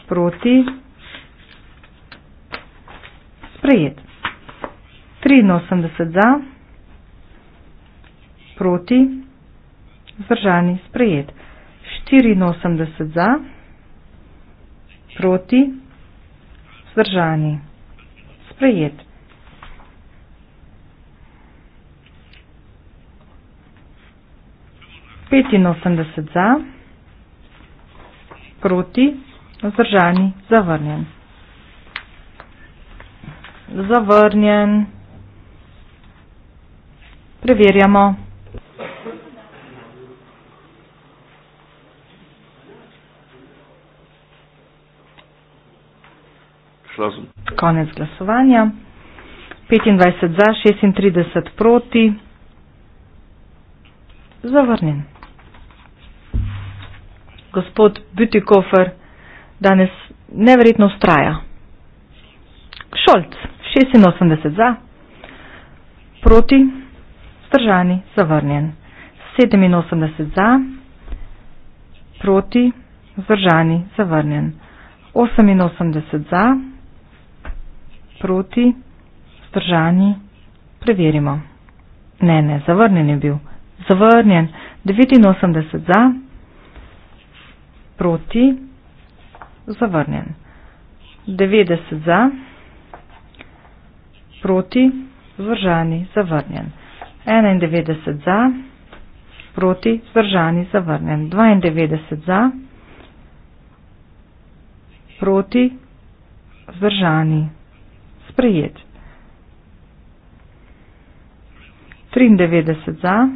proti, sprejet. 83 za, proti proti, vzdržani, sprejet. 84 za, proti, vzdržani, sprejet. Petinosemdeset za, proti, vzdržani, zavrnjen. Zavrnjen. Preverjamo. Schlossen. Konec glasovanja. 25 za, 36 proti. Zavrnjen. Gospod Butikofer danes neverjetno ustraja. Šolc, 86 za, proti, stržani, zavrnjen. 87 za, proti, stržani, zavrnjen. 88 za, proti, vzdržani, preverimo. Ne, ne, zavrnjen je bil. Zavrnjen. 89 za, proti, zavrnjen. 90 za, proti, vzdržani, zavrnjen. 91 za, proti, vzdržani, zavrnjen. 92 za, proti, vzdržani, zavrnjen sprejet. 93 za,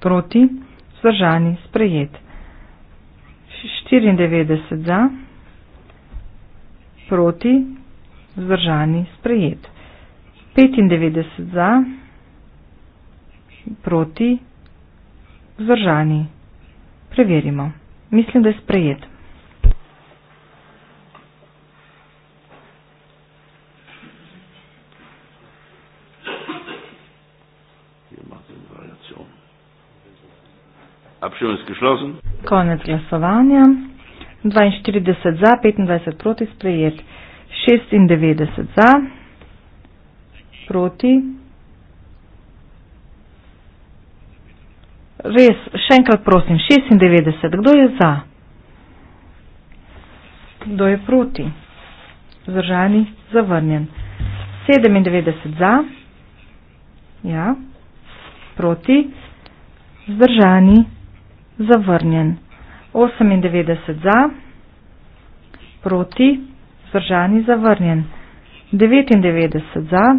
proti, vzdržani, sprejet. 94 za, proti, vzdržani, sprejet. 95 za, proti, vzdržani. Preverimo. Mislim, da je sprejet. Konec glasovanja. 42 za, 25 proti sprejet. 96 za, proti. Res, še enkrat prosim, 96, kdo je za? Kdo je proti? Zdržani, zavrnjen. 97 za, ja, proti, zdržani zavrnjen. 98 za, proti, zdržani, zavrnjen. 99 za,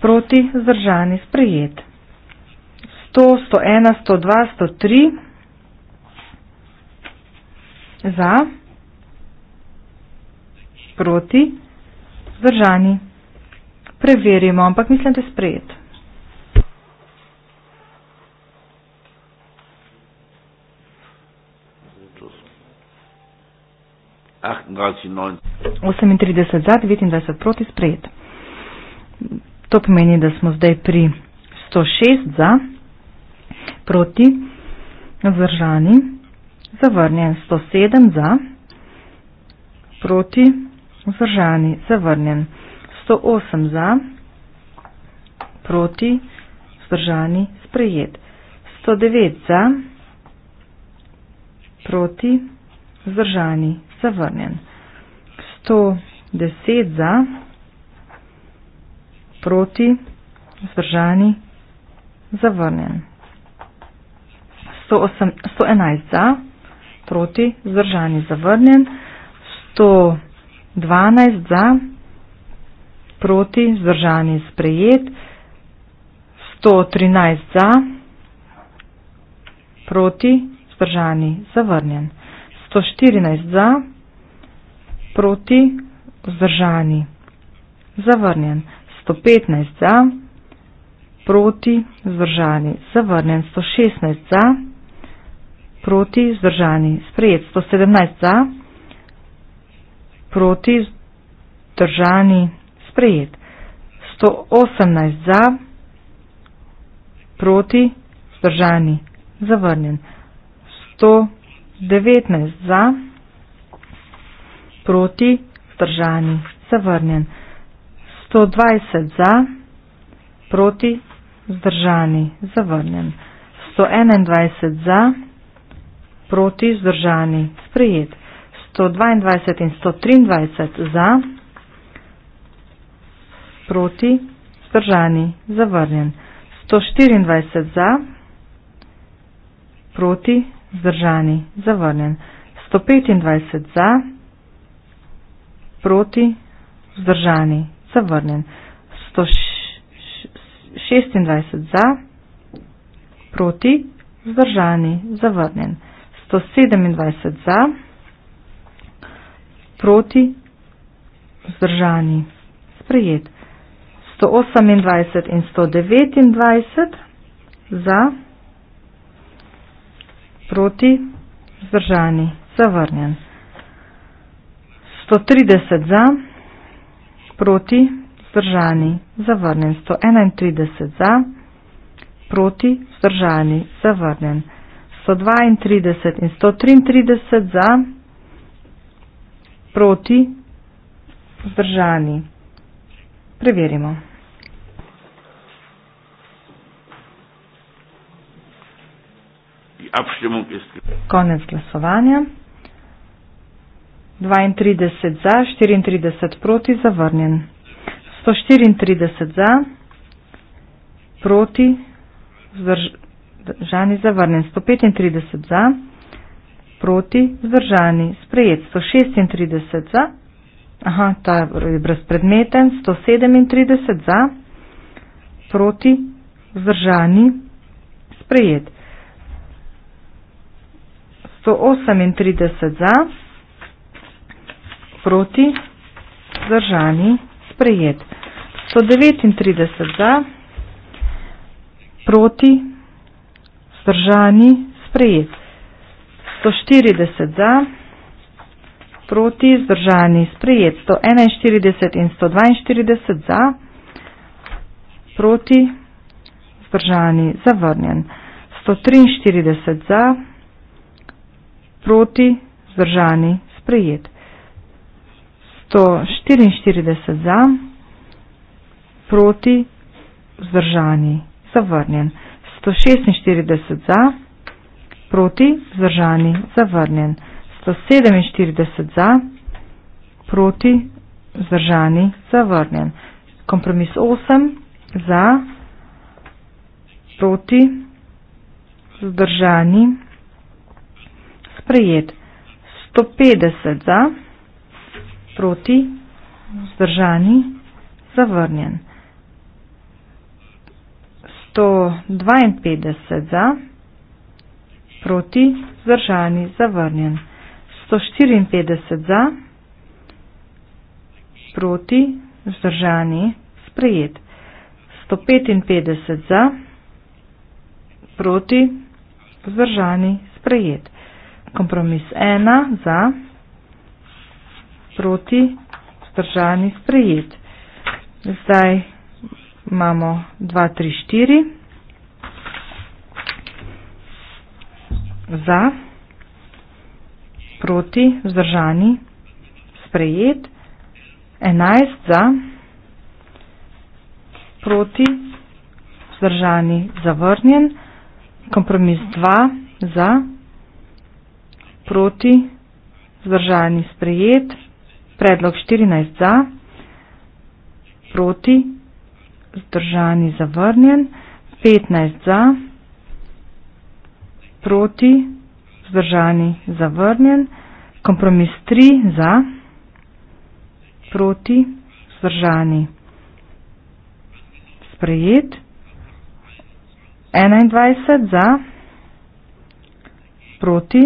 proti, zdržani, sprejet. 100, 101, 102, 103 za, proti, zdržani. Preverimo, ampak mislim, da je sprejet. 38 za, 29 proti sprejet. To pomeni, da smo zdaj pri 106 za, proti, vzdržani, zavrnjen, 107 za, proti, vzdržani, zavrnjen, 108 za, proti, vzdržani, sprejet, 109 za, proti, vzdržani, zavrnjen. 110 za, proti, zdržani, zavrnjen. 108, 111 za, proti, zdržani, zavrnjen. 112 za, proti, zdržani, sprejet. 113 za, proti, zdržani, zavrnjen. 114 za, proti, zdržani, zavrnjen proti vzdržani. Zavrnjen. 115 za, proti vzdržani. Zavrnjen. 116 za, proti vzdržani. Sprejet. 117 za, proti vzdržani. Sprejet. 118 za, proti vzdržani. Zavrnjen. 119 za, proti vzdržani proti, vzdržani, zavrnjen. 120 za, proti, vzdržani, zavrnjen. 121 za, proti, vzdržani, sprejet. 122 in 123 za, proti, vzdržani, zavrnjen. 124 za, proti, vzdržani, zavrnjen. 125 za, proti, vzdržani, zavrnjen. 126 za, proti, vzdržani, zavrnjen. 127 za, proti, vzdržani, sprejet. 128 in 129 za, proti, vzdržani, zavrnjen. 130 za, proti, zdržani, zavrnjen. 131 za, proti, zdržani, zavrnjen. 132 in 133 za, proti, zdržani. Preverimo. Konec glasovanja. 32 za, 34 proti, zavrnjen. 134 za, proti, vzdržani, zavrnjen. 135 za, proti, vzdržani, sprejet. 136 za, aha, ta je brezpredmeten. 137 za, proti, vzdržani, sprejet. 138 za, proti, zdržani, sprejet. 139 za, proti, zdržani, sprejet. 140 za, proti, zdržani, sprejet. 141 in 142 za, proti, zdržani, zavrnjen. 143 za, proti, zdržani, sprejet. 244 za, proti, vzdržani, zavrnjen. 146 za, proti, vzdržani, zavrnjen. 147 za, proti, vzdržani, zavrnjen. Kompromis 8 za, proti, vzdržani, sprejet. 150 za, proti, vzdržani, zavrnjen proti, vzdržani, zavrnjen. 152 za, proti, vzdržani, zavrnjen. 154 za, proti, vzdržani, sprejet. 155 za, proti, vzdržani, sprejet. Kompromis 1 za proti, vzdržani, sprejet. Zdaj imamo 2, 3, 4. Za, proti, vzdržani, sprejet. 11 za, proti, vzdržani, zavrnjen. Kompromis 2 za, proti, vzdržani, sprejet. Predlog 14 za, proti, zdržani, zavrnjen. 15 za, proti, zdržani, zavrnjen. Kompromis 3 za, proti, zdržani, sprejet. 21 za, proti,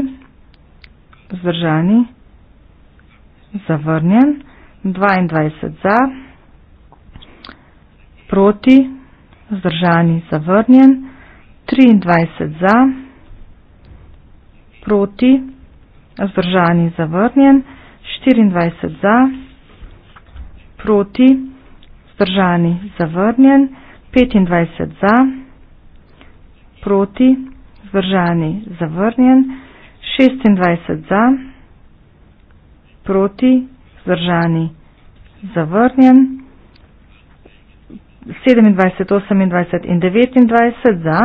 zdržani, zavrnjen zavrnjen, 22 za, proti, zdržani, zavrnjen, 23 za, proti, zdržani, zavrnjen, 24 za, proti, zdržani, zavrnjen, 25 za, proti, zdržani, zavrnjen, 26 za, proti, zdržani, zavrnjen, 26 za, proti, zdržani, zavrnjen. 27, 28 in 29 za,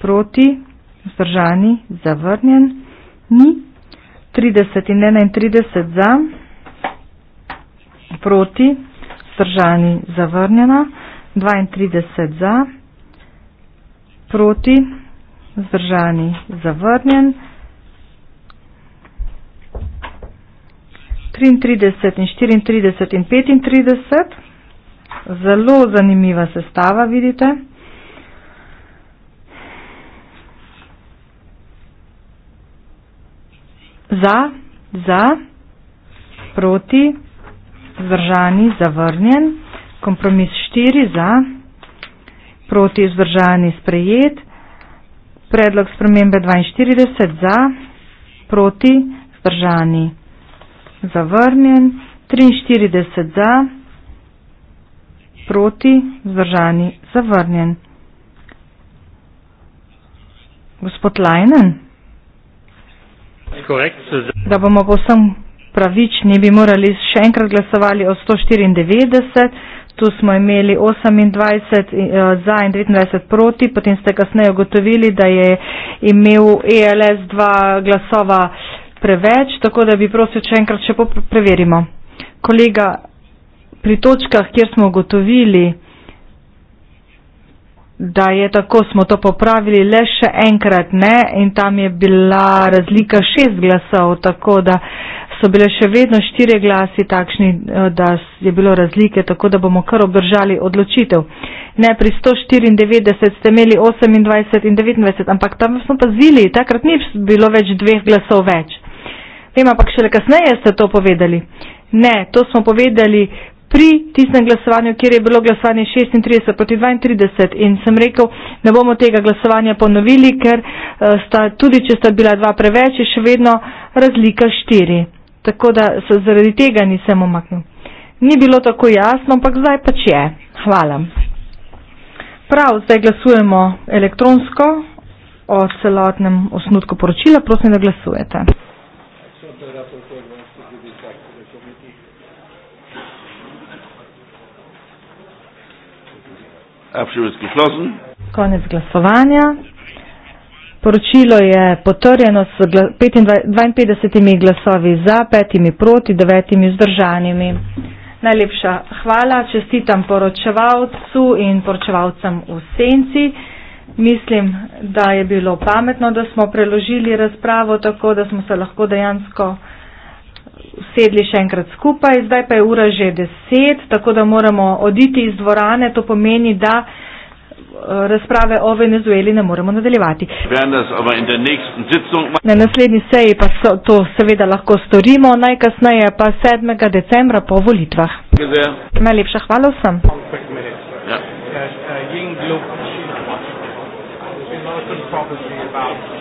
proti, zdržani, zavrnjen, ni. 30 in 31 za, proti, zdržani, zavrnjena, 32 za, proti, zdržani, zavrnjen. 33 in 34 in 35. Zelo zanimiva sestava, vidite. Za, za, proti, zdržani, zavrnjen, kompromis 4, za, proti, zdržani, sprejet, predlog spremembe 42, za, proti, zdržani, sprejet zavrnjen, 43 za, proti, vzdržani, zavrnjen. Gospod Lajnen? Da bomo povsem pravični, bi morali še enkrat glasovali o 194, tu smo imeli 28 eh, za in 29 proti, potem ste kasneje ugotovili, da je imel ELS dva glasova preveč, tako da bi prosil, če enkrat še preverimo. Kolega, pri točkah, kjer smo ugotovili, da je tako, smo to popravili, le še enkrat ne in tam je bila razlika šest glasov, tako da so bile še vedno štiri glasi takšni, eh, da je bilo razlike, tako da bomo kar obdržali odločitev. Ne, pri 194 ste imeli 28 in 29, ampak tam smo pazili, takrat ni bilo več dveh glasov več. Vem, ampak šele kasneje ste to povedali. Ne, to smo povedali pri tistem glasovanju, kjer je bilo glasovanje 36 proti 32 in sem rekel, ne bomo tega glasovanja ponovili, ker eh, sta, tudi če sta bila dva preveč, je še vedno razlika štiri. Tako da se zaradi tega nisem omaknil. Ni bilo tako jasno, ampak zdaj pač je. Hvala. Prav, zdaj glasujemo elektronsko o celotnem osnutku poročila. Prosim, da glasujete era porque eu gosto de deixar que eu cometi. Konec glasovanja. Poročilo je potrjeno s 52 glasovi za, petimi proti, devetimi vzdržanimi. Najlepša hvala, čestitam poročevalcu in poročevalcem v senci. Mislim, da je bilo pametno, da smo preložili razpravo tako, da smo se lahko dejansko sedli še enkrat skupaj. Zdaj pa je ura že deset, tako da moramo oditi iz dvorane. To pomeni, da eh, razprave o Venezueli ne moremo nadaljevati. Na naslednji seji pa so, to seveda lahko storimo, najkasneje pa 7. decembra po volitvah. Najlepša hvala vsem. Yeah. Uh, uh, Protestant prophecy about